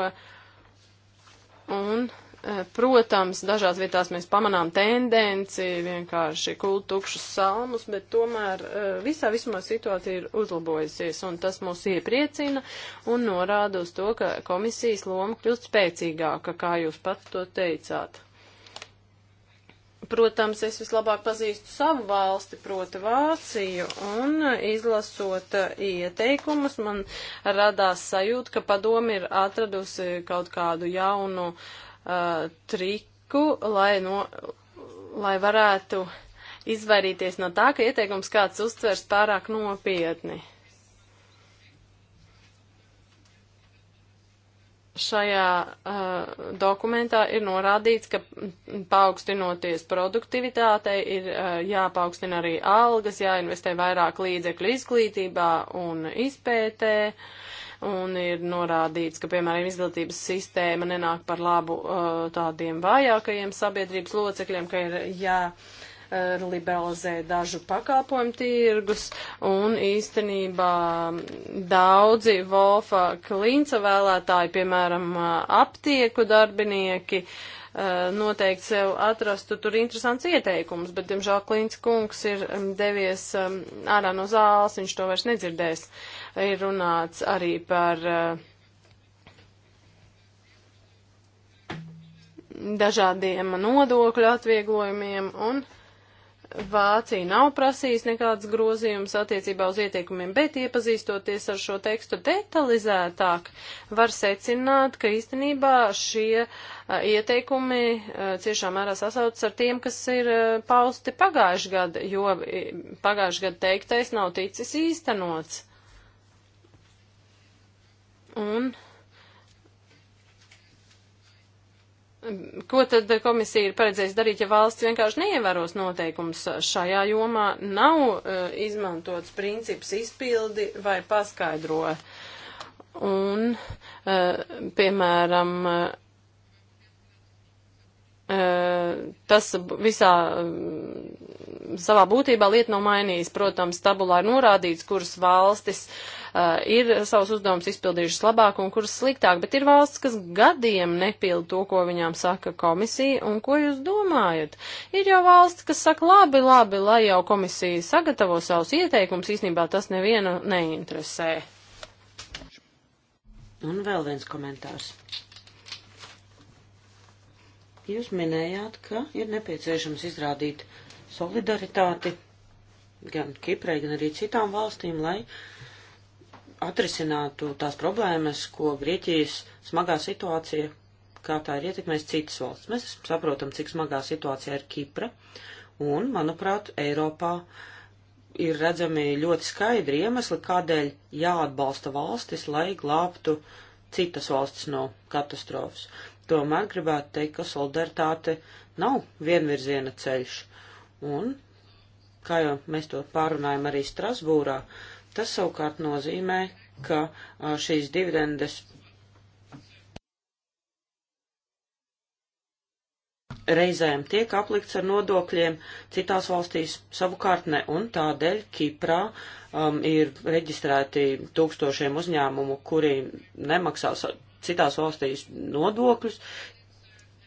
un Eh, protams, dažās vietās mēs pamanām tendenci vienkārši kult tukšus salmus, bet tomēr eh, visā vismā situācija ir uzlabojusies, un tas mūs iepriecina un norāda uz to, ka komisijas loma kļūst spēcīgāka, kā jūs pat to teicāt. Protams, es vislabāk pazīstu savu valsti, proti Vāciju, un izlasot eh, ieteikumus, man radās sajūta, ka padomi ir atradusi kaut kādu jaunu uh, uh, triku, lai, no, lai varētu izvairīties no tā, ka ieteikums kāds uztvers pārāk nopietni. Šajā uh, dokumentā ir norādīts, ka paaugstinoties produktivitātei ir uh, jāpaukstina arī algas, jāinvestē vairāk līdzekļu izglītībā un izpētē. Uh, un ir norādīts, ka, piemēram, izglītības sistēma nenāk par labu uh, tādiem vājākajiem sabiedrības locekļiem, ka ir jā. Ja, Eh, liberalizē dažu pakalpojumu tirgus, un īstenībā daudzi Volfa Klinca vēlētāji, piemēram, eh, aptieku darbinieki, eh, noteikti sev atrastu tur interesants ieteikums, bet, diemžēl, Klints kungs ir mm, devies mm, ārā no zāles, viņš to vairs nedzirdēs. Ir runāts arī par dažādiem nodokļu atvieglojumiem un. Uh, Vācija nav prasījis nekādas grozījumas attiecībā uz ieteikumiem, bet iepazīstoties ar šo tekstu detalizētāk, var secināt, ka īstenībā šie ieteikumi ciešā mērā sasaucas ar tiem, kas ir pausti pagājuši gadu, jo pagājuši gadu teiktais nav ticis īstenots. Un Ko tad komisija ir paredzējusi darīt, ja valsts vienkārši neievēros noteikumus šajā jomā, nav uh, izmantots princips izpildi vai paskaidro? Un, uh, piemēram, uh, tas visā savā būtībā lieta nav mainījis. Protams, tabulā ir norādīts, kuras valstis ir savus uzdevumus izpildījušas labāk un kuras sliktāk, bet ir valsts, kas gadiem nepilda to, ko viņām saka komisija, un ko jūs domājat? Ir jau valsts, kas saka labi, labi, lai jau komisija sagatavo savus ieteikumus, īstenībā tas nevienu neinteresē. Un vēl viens komentārs. Jūs minējāt, ka ir nepieciešams izrādīt solidaritāti gan Kiprai, gan arī citām valstīm, lai atrisinātu tās problēmas, ko Grieķijas smagā situācija, kā tā ir ietekmējusi citas valsts. Mēs saprotam, cik smagā situācija ir Kipra, un, manuprāt, Eiropā ir redzami ļoti skaidri iemesli, kādēļ jāatbalsta valstis, lai glābtu citas valstis no katastrofas. Tomēr gribētu teikt, ka solidaritāte nav vienvirziena ceļš. Un, kā jau mēs to pārunājam arī Strasbūrā, tas savukārt nozīmē, ka šīs dividendes reizēm tiek aplikts ar nodokļiem, citās valstīs savukārt ne, un tādēļ Kiprā um, ir reģistrēti tūkstošiem uzņēmumu, kuri nemaksās citās valstīs nodokļus.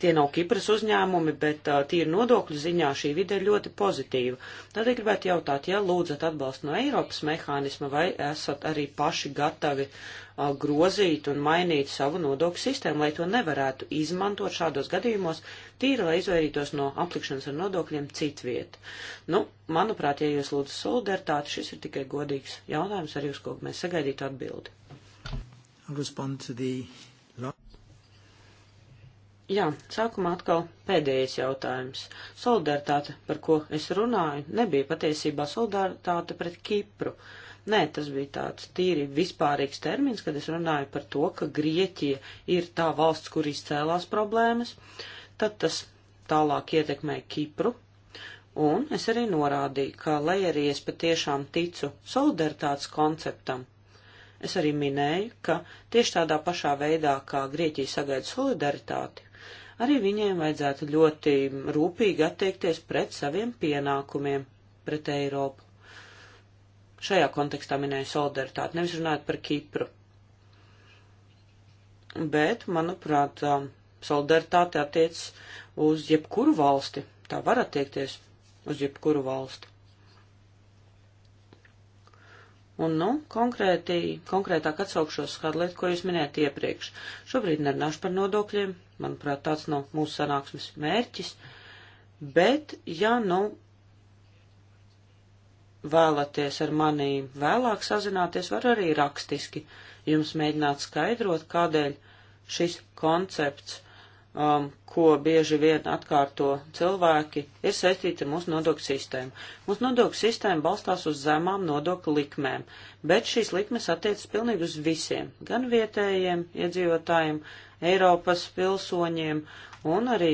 Tie nav Kipras uzņēmumi, bet uh, tīri nodokļu ziņā šī vide ir ļoti pozitīva. Tad ir gribētu jautāt, ja lūdzat atbalstu no Eiropas mehānisma, vai esat arī paši gatavi uh, grozīt un mainīt savu nodokļu sistēmu, lai to nevarētu izmantot šādos gadījumos, tīri, lai izvairītos no aplikšanas ar nodokļiem citviet. Nu, manuprāt, ja jūs lūdzat solidaritāti, šis ir tikai godīgs jautājums arī, uz ko mēs sagaidītu atbildi respond to the Jā, sākumā atkal pēdējais jautājums. Solidaritāte, par ko es runāju, nebija patiesībā solidaritāte pret Kipru. Nē, tas bija tāds tīri vispārīgs termins, kad es runāju par to, ka Grieķija ir tā valsts, kur izcēlās problēmas, tad tas tālāk ietekmē Kipru. Un es arī norādīju, ka, lai arī es patiešām ticu solidaritātes konceptam, Es arī minēju, ka tieši tādā pašā veidā, kā Grieķija sagaida solidaritāti, arī viņiem vajadzētu ļoti rūpīgi attiekties pret saviem pienākumiem, pret Eiropu. Šajā kontekstā minēju solidaritāti, nevis runājot par Kipru. Bet, manuprāt, um, solidaritāte attiec uz jebkuru valsti. Tā var attiekties uz jebkuru valsti. Un, nu, konkrētī, konkrētāk atsaukšos uz kādu lietu, ko jūs minējāt iepriekš. Šobrīd nerunāšu par nodokļiem, manuprāt, tāds nav no mūsu sanāksmes mērķis, bet, ja, nu, vēlaties ar mani vēlāk sazināties, var arī rakstiski jums mēģināt skaidrot, kādēļ šis koncepts um, ko bieži vien atkārto cilvēki, ir saistīta ar mūsu nodokļu sistēmu. Mūsu nodokļu sistēma balstās uz zemām nodokļu likmēm, bet šīs likmes attiecas pilnīgi uz visiem, gan vietējiem iedzīvotājiem, Eiropas pilsoņiem un arī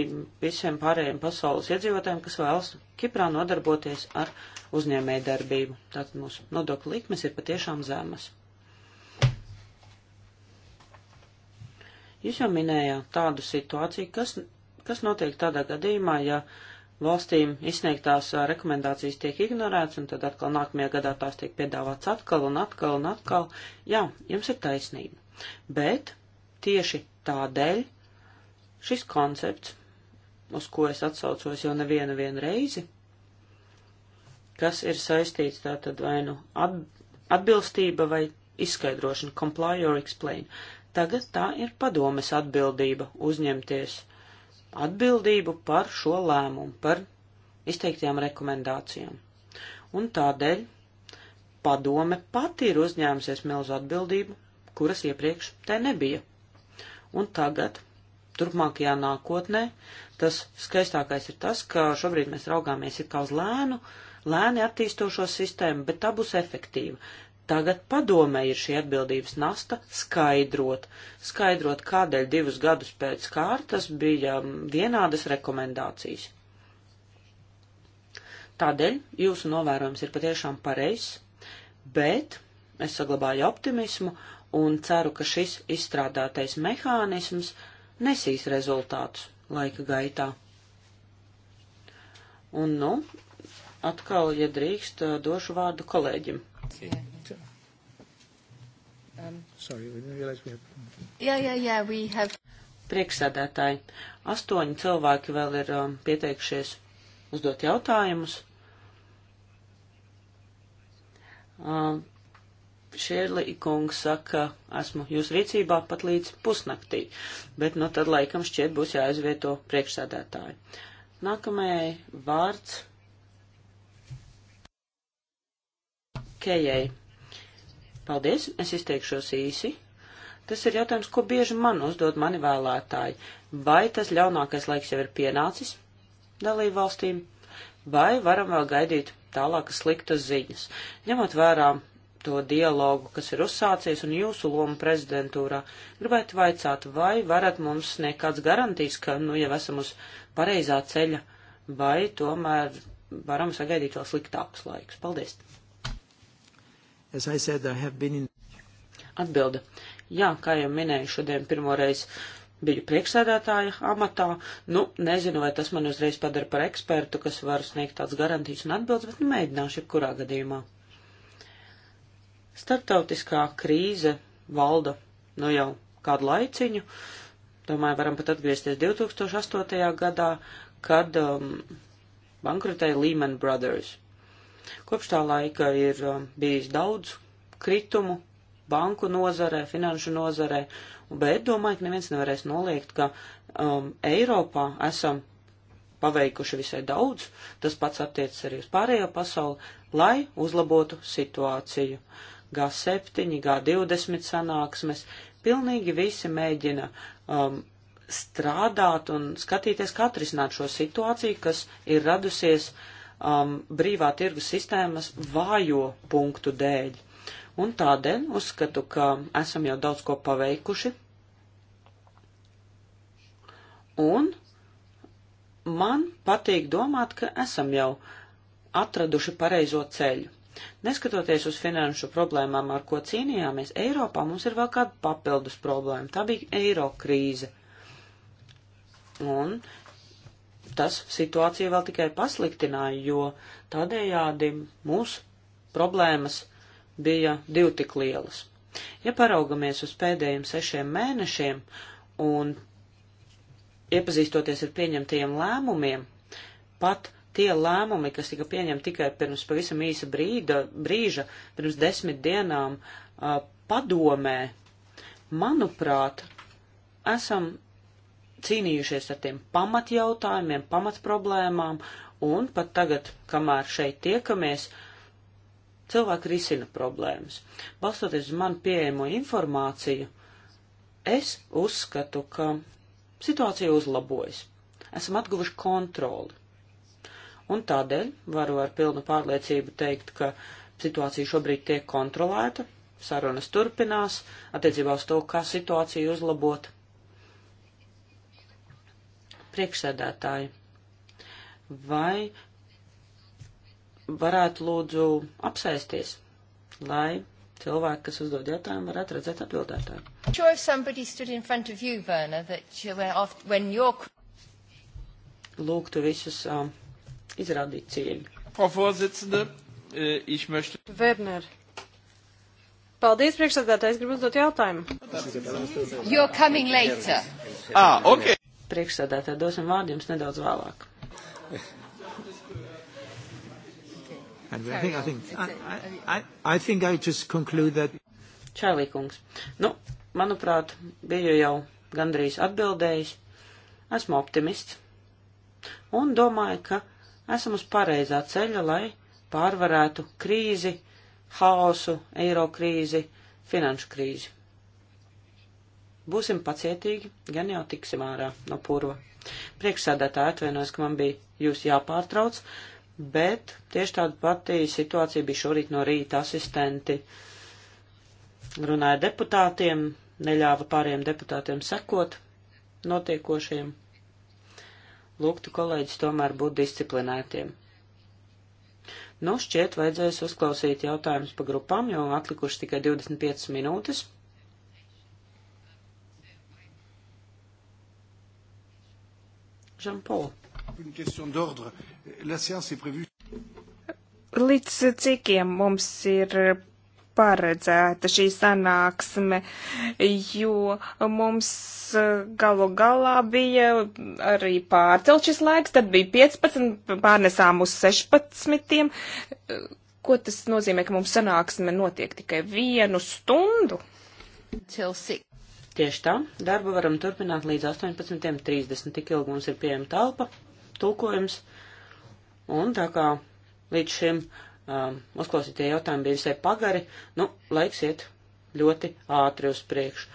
visiem pārējiem pasaules iedzīvotājiem, kas vēlas Kiprā nodarboties ar uzņēmējdarbību. Tātad mūsu nodokļu likmes ir patiešām zemas. Jūs jau minējāt tādu situāciju, kas, kas notiek tādā gadījumā, ja valstīm izsniegtās rekomendācijas tiek ignorēts, un tad atkal nākamajā gadā tās tiek piedāvāts atkal un atkal un atkal. Jā, jums ir taisnība. Bet tieši tādēļ šis koncepts, uz ko es atsaucos jau nevienu vienu reizi, kas ir saistīts tātad vai nu atbilstība vai izskaidrošana, comply or explain. Tagad tā ir padomes atbildība uzņemties atbildību par šo lēmumu, par izteiktajām rekomendācijām. Un tādēļ padome pati ir uzņēmusies milzu atbildību, kuras iepriekš te nebija. Un tagad, turpmākajā nākotnē, tas skaistākais ir tas, ka šobrīd mēs raugāmies ir kā uz lēnu, lēni attīstošo sistēmu, bet tā būs efektīva. Tagad padomē ir šī atbildības nasta skaidrot, skaidrot, kādēļ divus gadus pēc kārtas bija um, vienādas rekomendācijas. Tādēļ jūsu novērojums ir patiešām pareizs, bet es saglabāju optimismu un ceru, ka šis izstrādātais mehānisms nesīs rezultātus laika gaitā. Un, nu, atkal, ja drīkst, došu vārdu kolēģim. Yeah. Um, Sorry, we didn't realize we had... Yeah, yeah, yeah, we have... Priekšsēdētāji, astoņi cilvēki vēl ir um, pieteikšies uzdot jautājumus. Um, Šērlī kungs saka, esmu jūs rīcībā pat līdz pusnaktī, bet no nu, tad laikam šķiet būs jāizvieto priekšsēdētāji. Nākamajai vārds Kejai. Paldies, es izteikšos īsi. Tas ir jautājums, ko bieži man uzdod mani vēlētāji. Vai tas ļaunākais laiks jau ir pienācis dalību valstīm, vai varam vēl gaidīt tālākas sliktas ziņas? Ņemot vērā to dialogu, kas ir uzsācies un jūsu lomu prezidentūrā. Gribētu vaicāt, vai varat mums sniegt kāds garantīs, ka nu jau esam uz pareizā ceļa, vai tomēr varam sagaidīt vēl sliktākus laikus. Paldies! As I said, I have been in... Atbilde. Jā, kā jau minēju, šodien pirmoreiz biju priekšsēdētāja amatā. Nu, nezinu, vai tas man uzreiz padara par ekspertu, kas var sniegt tāds garantijas un atbildes, bet nu, mēģināšu jebkurā gadījumā. Startautiskā krīze valda nu jau kādu laiciņu. Domāju, varam pat atgriezties 2008. gadā, kad um, bankrotēja Lehman Brothers. Kopš tā laika ir um, bijis daudz kritumu banku nozarē, finanšu nozarē, bet domāju, ka neviens nevarēs noliegt, ka um, Eiropā esam paveikuši visai daudz, tas pats attiecas arī uz pārējo pasauli, lai uzlabotu situāciju. G7, G20 sanāksmes, pilnīgi visi mēģina um, strādāt un skatīties, kā atrisināt šo situāciju, kas ir radusies uh, um, brīvā tirgus sistēmas vājo punktu dēļ. Un tādēļ uzskatu, ka esam jau daudz ko paveikuši. Un man patīk domāt, ka esam jau atraduši pareizo ceļu. Neskatoties uz finanšu problēmām, ar ko cīnījāmies, Eiropā mums ir vēl kāda papildus problēma. Tā bija eiro krīze. Un tas situāciju vēl tikai pasliktināja, jo tādējādi mūsu problēmas bija divi tik lielas. Ja paraugamies uz pēdējiem sešiem mēnešiem un iepazīstoties ar pieņemtajiem lēmumiem, pat tie lēmumi, kas tika pieņemti tikai pirms pavisam īsa brīda, brīža, pirms desmit dienām, padomē, manuprāt, esam cīnījušies ar tiem pamatjautājumiem, pamatproblēmām, un pat tagad, kamēr šeit tiekamies, cilvēki risina problēmas. Balstoties uz man pieejamo informāciju, es uzskatu, ka situācija uzlabojas. Esam atguvuši kontroli. Un tādēļ varu ar pilnu pārliecību teikt, ka situācija šobrīd tiek kontrolēta, sarunas turpinās attiecībā uz to, kā situāciju uzlabot Priekšsēdētāji, vai varētu lūdzu apsēsties, lai cilvēki, kas uzdod jautājumu, varētu redzēt atbildētāju. Lūgtu visus um, izrādīt cieņu. Äh, Werner. Paldies, priekšsēdētāji, es gribu uzdot jautājumu. You're coming later. Ah, ok priekšsēdētāji, dosim vārdu jums nedaudz vēlāk. Čēlī kungs, nu, manuprāt, biju jau gandrīz atbildējis, esmu optimists un domāju, ka esam uz pareizā ceļa, lai pārvarētu krīzi, haosu, eiro krīzi, finanšu krīzi. Būsim pacietīgi, gan jau tiksim ārā no purva. Priekšsēdētāji atvainojas, ka man bija jūs jāpārtrauc, bet tieši tāda pati situācija bija šorīt no rīta asistenti. Runāja deputātiem, neļāva pāriem deputātiem sekot notiekošiem. Lūgtu kolēģis tomēr būt disciplinētiem. Nu, šķiet, vajadzēs uzklausīt jautājumus pa grupām, jo atlikuši tikai 25 minūtes. Jean-Paul. Līdz cikiem mums ir paredzēta šī sanāksme, jo mums galu galā bija arī pārcelt šis laiks, tad bija 15, pārnesām uz 16. Ko tas nozīmē, ka mums sanāksme notiek tikai vienu stundu? Tilsi. Tieši tā, darbu varam turpināt līdz 18.30, tik ilgi mums ir pieejama telpa, tulkojums, un tā kā līdz šim um, uzklausītie jautājumi bija visai pagari, nu, laiks iet ļoti ātri uz priekšu.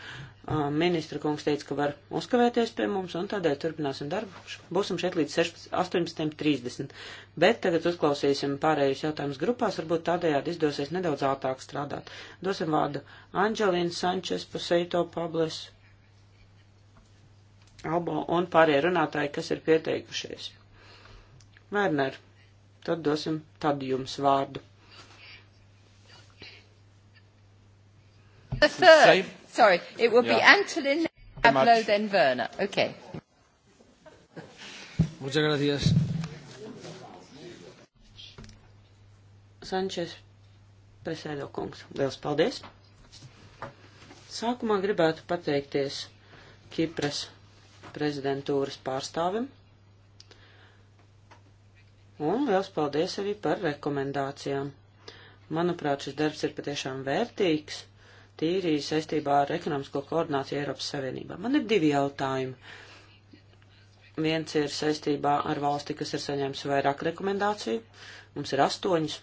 Ministra kungs teica, ka var uzkavēties pie mums, un tādēļ turpināsim darbu. Būsim šeit līdz 18.30. Bet tagad uzklausīsim pārējus jautājumus grupās, varbūt tādējādi izdosies nedaudz ātrāk strādāt. Dosim vārdu Anģelīna Sančes, Puseito Pables, Albo un pārējie runātāji, kas ir pieteikušies. Werner, tad dosim tad jums vārdu. The third. Sorry, it will yeah. be Antolin, Pablo, then Werner. Okay. Muchas gracias. Sančes Presēdo kungs, liels paldies. Sākumā gribētu pateikties Kipras prezidentūras pārstāvim. Un liels paldies arī par rekomendācijām. Manuprāt, šis darbs ir patiešām vērtīgs tīri saistībā ar ekonomisko koordināciju Eiropas Savienībā. Man ir divi jautājumi. Viens ir saistībā ar valsti, kas ir saņēmusi vairāk rekomendāciju. Mums ir astoņas.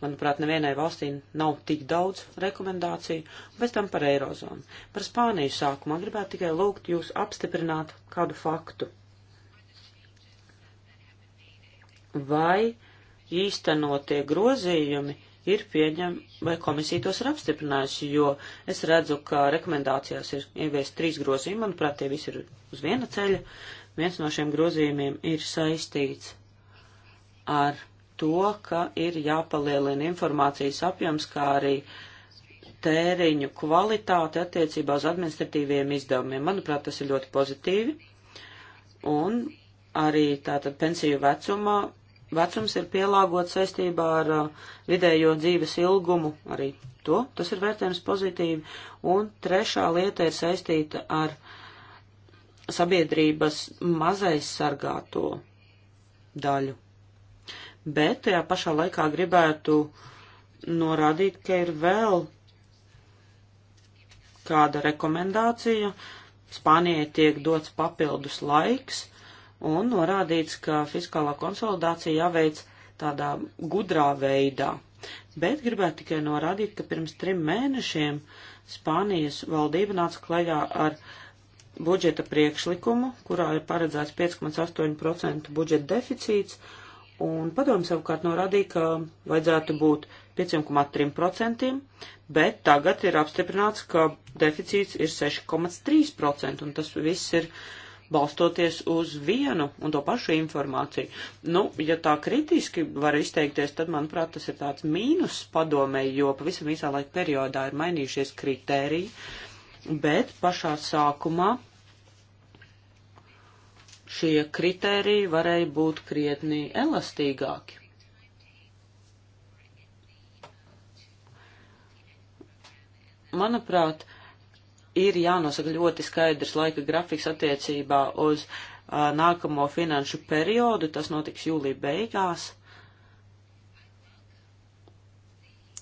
Manuprāt, nevienai valstī nav tik daudz rekomendāciju. Pēc tam par Eirozonu. Par Spāniju sākumā gribētu tikai lūgt jūs apstiprināt kādu faktu. Vai īstenotie grozījumi ir pieņem, vai komisija tos ir apstiprinājusi, jo es redzu, ka rekomendācijās ir ieviest trīs grozījumi, manuprāt, tie visi ir uz viena ceļa. Viens no šiem grozījumiem ir saistīts ar to, ka ir jāpalielina informācijas apjoms, kā arī tēriņu kvalitāte attiecībā uz administratīviem izdevumiem. Manuprāt, tas ir ļoti pozitīvi. Un arī tātad pensiju vecumā vecums ir pielāgots saistībā ar uh, vidējo dzīves ilgumu arī to. Tas ir vērtējums pozitīvi. Un trešā lieta ir saistīta ar sabiedrības mazais sargāto daļu. Bet tajā pašā laikā gribētu norādīt, ka ir vēl kāda rekomendācija. Spānijai tiek dots papildus laiks, un norādīts, ka fiskālā konsolidācija jāveic tādā gudrā veidā. Bet gribētu tikai norādīt, ka pirms trim mēnešiem Spānijas valdība nāca klajā ar budžeta priekšlikumu, kurā ir paredzēts 5,8% budžeta deficīts, un padomu savukārt norādīja, ka vajadzētu būt 5,3%, bet tagad ir apstiprināts, ka deficīts ir 6,3%, un tas viss ir uh, balstoties uz vienu un to pašu informāciju. Nu, ja tā kritiski var izteikties, tad, manuprāt, tas ir tāds mīnus padomēji, jo pavisam īsā laika periodā ir mainījušies kritēriji, bet pašā sākumā šie kritēriji varēja būt krietni elastīgāki. Manuprāt, ir jānosaka ļoti skaidrs laika grafiks attiecībā uz uh, nākamo finanšu periodu. Tas notiks jūlija beigās.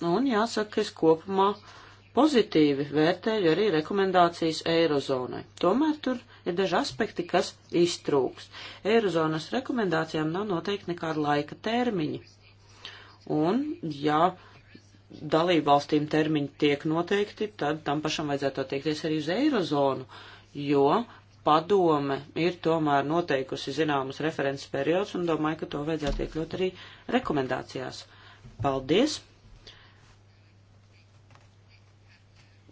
Un jāsaka, es kopumā pozitīvi vērtēju arī rekomendācijas Eirozonai. Tomēr tur ir daži aspekti, kas iztrūks. Eirozonas rekomendācijām nav noteikti nekāda laika termiņa. Un, ja uh, dalību valstīm termiņi tiek noteikti, tad tam pašam vajadzētu attiekties arī uz eirozonu, jo padome ir tomēr noteikusi zināmas references periods un domāju, ka to vajadzētu iekļaut arī rekomendācijās. Paldies!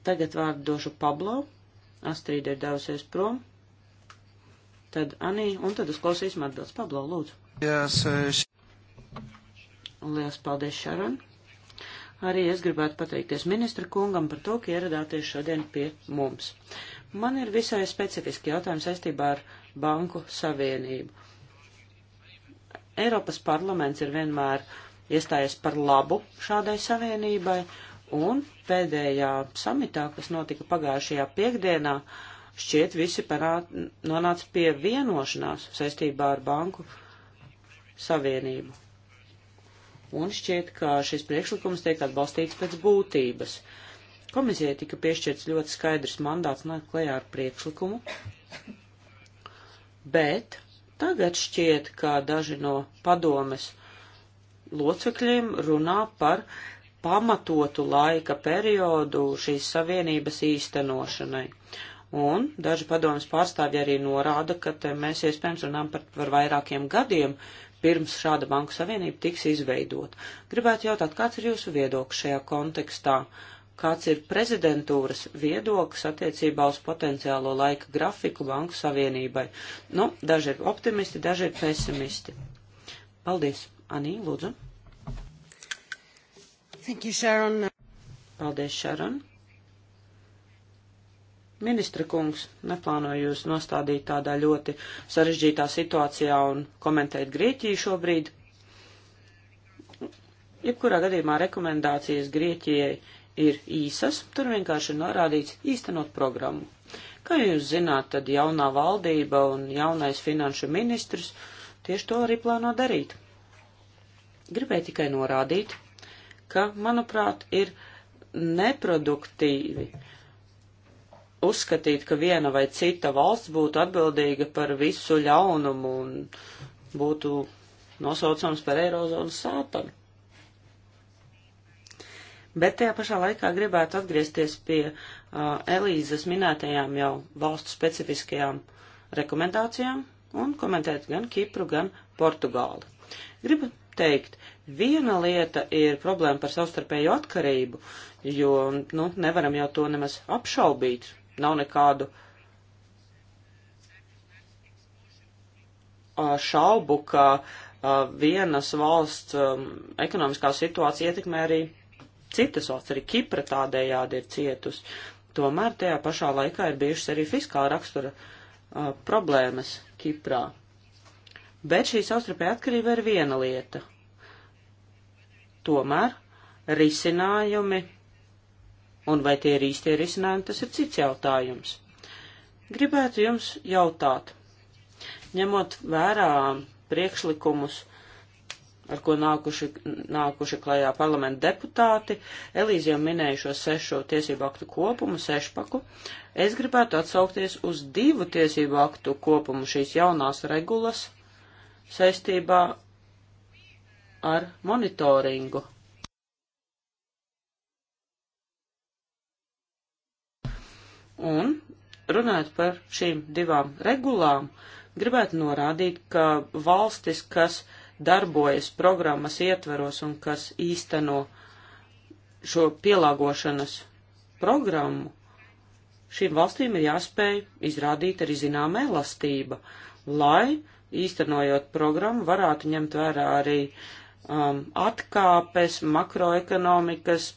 Tagad vārdu došu Pablo. Astrīda ir devusies prom. Tad Anī, un tad uzklausīsim atbildes. Pablo, lūdzu. Yes, uh, Lielas paldies, Šaron. Arī es gribētu pateikties ministra kungam par to, ka ieradāties šodien pie mums. Man ir visai specifiski jautājums saistībā ar Banku Savienību. Eiropas parlaments ir vienmēr iestājies par labu šādai savienībai, un pēdējā samitā, kas notika pagājušajā piekdienā, šķiet visi parād, nonāca pie vienošanās saistībā ar Banku Savienību un šķiet, ka šis priekšlikums tiek atbalstīts pēc būtības. Komisijai tika piešķirts ļoti skaidrs mandāts nākt klajā ar priekšlikumu, bet tagad šķiet, ka daži no padomes locekļiem runā par pamatotu laika periodu šīs savienības īstenošanai. Un daži padomjas pārstāvji arī norāda, ka mēs iespējams runām par, par vairākiem gadiem, pirms šāda banku savienība tiks izveidot. Gribētu jautāt, kāds ir jūsu viedoklis šajā kontekstā? Kāds ir prezidentūras viedoklis attiecībā uz potenciālo laika grafiku banku savienībai? Nu, daži ir optimisti, daži ir pesimisti. Paldies. Anī, lūdzu. Thank you, Sharon. Paldies, Sharon. Ministra kungs, neplānoju jūs nostādīt tādā ļoti sarežģītā situācijā un komentēt Grieķiju šobrīd. Jebkurā gadījumā rekomendācijas Grieķijai ir īsas, tur vienkārši ir norādīts īstenot programmu. Kā jūs zināt, tad jaunā valdība un jaunais finanšu ministrs tieši to arī plāno darīt. Gribēju tikai norādīt, ka, manuprāt, ir neproduktīvi uh, uzskatīt, ka viena vai cita valsts būtu atbildīga par visu ļaunumu un būtu nosaucams par Eirozonas sāpanu. Bet tajā pašā laikā gribētu atgriezties pie uh, Elīzes minētajām jau valstu specifiskajām rekomendācijām un komentēt gan Kipru, gan Portugālu. Gribu teikt, viena lieta ir problēma par savstarpēju atkarību, jo, nu, nevaram jau to nemaz apšaubīt nav nekādu šaubu, ka vienas valsts ekonomiskā situācija ietekmē arī citas valsts, arī Kipra tādējādi ir cietus. Tomēr tajā pašā laikā ir bijušas arī fiskāla rakstura uh, problēmas Kiprā. Bet šī savstarpēja atkarība ir viena lieta. Tomēr risinājumi Un vai tie ir īstie risinājumi, tas ir cits jautājums. Gribētu jums jautāt, ņemot vērā priekšlikumus, ar ko nākuši, nākuši klajā parlamenta deputāti, Elīzija minēja šo sešu tiesību aktu kopumu, sešpaku, es gribētu atsaukties uz divu tiesību aktu kopumu šīs jaunās regulas saistībā ar monitoringu Un, runājot par šīm divām regulām, gribētu norādīt, ka valstis, kas darbojas programmas ietveros un kas īsteno šo pielāgošanas programmu, šīm valstīm ir jāspēj izrādīt arī zināma elastība, lai īstenojot programmu varētu ņemt vērā arī um, atkāpes, makroekonomikas,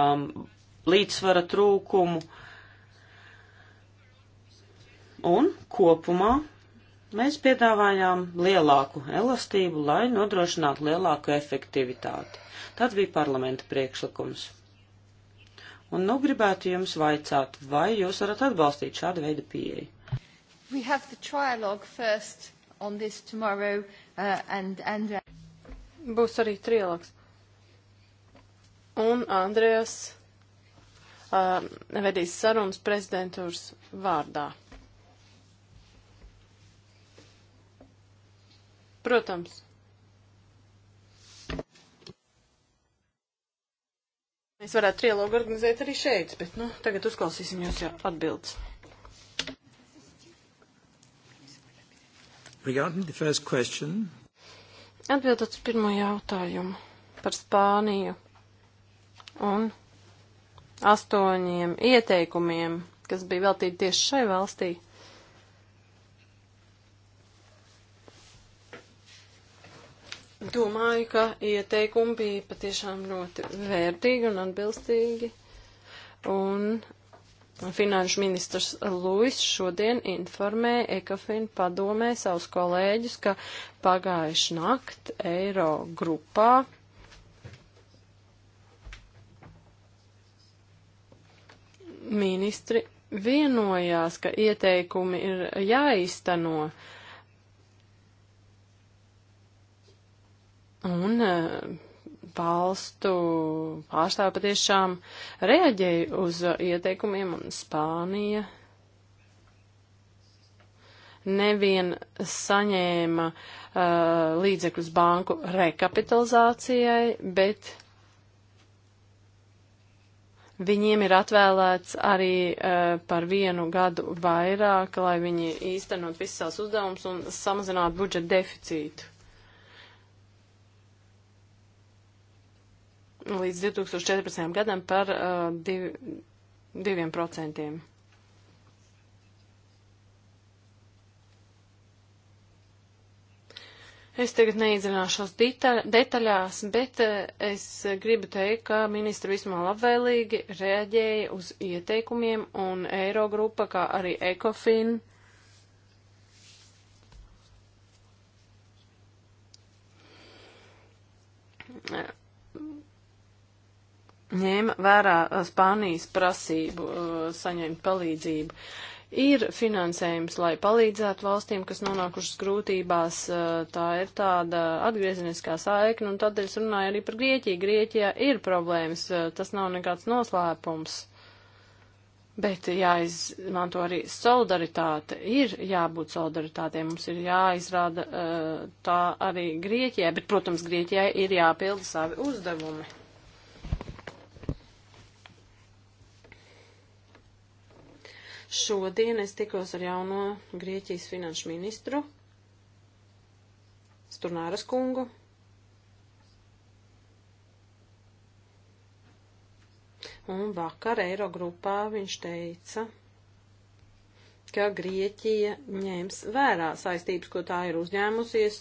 um, līdzsvara trūkumu. Un kopumā mēs piedāvājām lielāku elastību, lai nodrošinātu lielāku efektivitāti. Tāds bija parlamenta priekšlikums. Un nu gribētu jums vaicāt, vai jūs varat atbalstīt šādu veidu pieeju? We have the trialogue first on this tomorrow uh, and Andrea. Būs arī trialogs. Un Andrejas uh, vedīs sarunas prezidentūras vārdā. Protams. Mēs varētu trilogu organizēt arī šeit, bet nu, tagad uzklausīsim jūs jau atbildes. Regarding the first question. Atbildot uz pirmo jautājumu par Spāniju un astoņiem ieteikumiem, kas bija veltīti tieši šai valstī. Domāju, ka ieteikumi bija patiešām ļoti vērtīgi un atbilstīgi. Un finanšu ministrs Luis šodien informēja Ekofin padomē savus kolēģus, ka pagājuši nakt Eiro grupā Ministri vienojās, ka ieteikumi ir jāiztano. Un eh, valstu pārstāvi patiešām reaģēja uz eh, ieteikumiem, un Spānija nevien saņēma uh, līdzekļus banku rekapitalizācijai, bet Viņiem ir atvēlēts arī uh, par vienu gadu vairāk, lai viņi īstenot visus savus uzdevumus un samazinātu budžeta deficītu. Līdz 2014. gadam par uh, div, diviem procentiem. Es tagad neiedzināšos detaļās, bet eh, es gribu teikt, ka ministra vismā labvēlīgi reaģēja uz ieteikumiem un Eirogrupa, kā arī Ekofin. ņēma vērā Spānijas prasību eh, saņemt palīdzību. Uh, ir finansējums, lai palīdzētu valstīm, kas nonākušas grūtībās. Eh, tā ir tāda atgriezeniskā saikna, un tādēļ es runāju arī par Grieķiju. Grieķijā ir problēmas, eh, tas nav nekāds noslēpums. Bet jāizmanto arī solidaritāte. Ir jābūt solidaritātei, mums ir jāizrāda eh, tā arī Grieķijai, bet, protams, Grieķijai ir jāpilda savi uzdevumi. Šodien es tikos ar jauno Grieķijas finanšu ministru Sturnāras kungu. Un vakar Eirogrupā viņš teica, ka Grieķija ņems vērā saistības, ko tā ir uzņēmusies,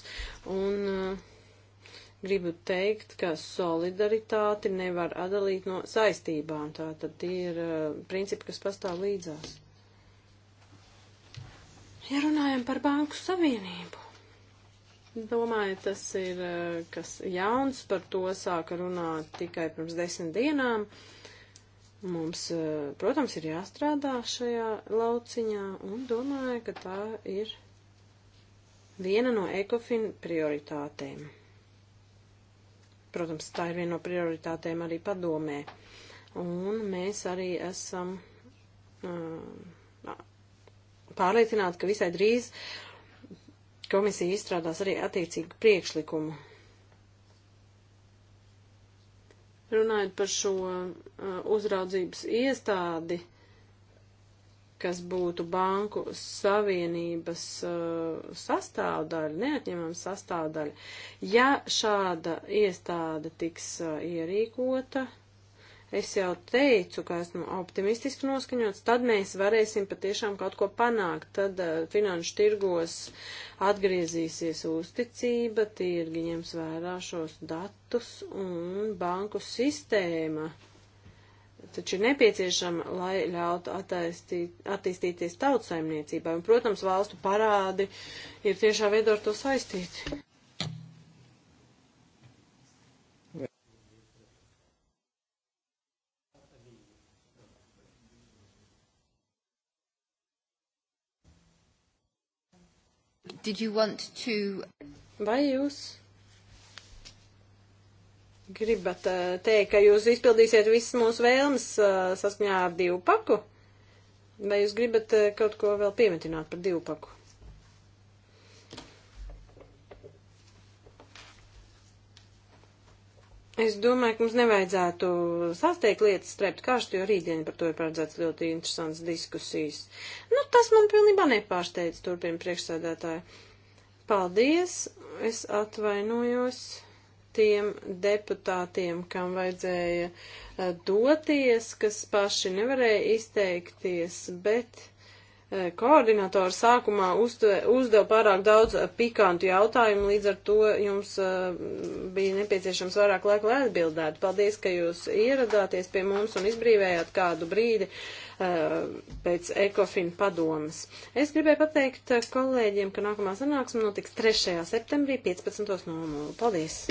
un uh, gribu teikt, ka solidaritāti nevar atdalīt no saistībām. Tā tad ir uh, principi, kas pastāv līdzās. Ja runājam par Banku Savienību, domāju, tas ir eh, kas jauns, par to sāka runāt tikai pirms desmit dienām. Mums, eh, protams, ir jāstrādā šajā lauciņā un domāju, ka tā ir viena no ekofin prioritātēm. Protams, tā ir viena no prioritātēm arī padomē. Un mēs arī esam. Uh, pārliecināti, ka visai drīz komisija izstrādās arī attiecīgu priekšlikumu. Runājot par šo uh, uzraudzības iestādi, kas būtu banku savienības uh, sastāvdaļa, neatņemama sastāvdaļa. Ja šāda iestāde tiks uh, ierīkota, es jau teicu, ka esmu optimistiski noskaņots, tad mēs varēsim patiešām kaut ko panākt. Tad uh, finanšu tirgos atgriezīsies uzticība, tirgi ņems vērā šos datus un banku sistēma. Taču ir nepieciešama, lai ļautu attaistīt, attīstīties tautsaimniecībai, un, protams, valstu parādi ir tiešā veidā ar to saistīti. Did you want to... Vai jūs gribat eh, teikt, ka jūs izpildīsiet visas mūsu vēlmes eh, saskaņā ar divu paku? Vai jūs gribat eh, kaut ko vēl piemetināt par divu paku? Es domāju, ka mums nevajadzētu sasteigt lietas strept karstu, jo rītdien par to ir paredzēts ļoti interesants diskusijas. Nu, tas man pilnībā nepārsteidz, turpina priekšsēdētāji. Paldies, es atvainojos tiem deputātiem, kam vajadzēja eh, doties, kas paši nevarēja izteikties, bet Eh, koordinatori sākumā uzdeva pārāk daudz eh, pikantu jautājumu, līdz ar to jums eh, bija nepieciešams vairāk laika, lai atbildētu. Paldies, ka jūs ieradāties pie mums un izbrīvējāt kādu brīdi pēc Ekofina padomas. Es gribēju pateikt kolēģiem, ka nākamā sanāksme notiks 3. septembrī 15.00. Paldies!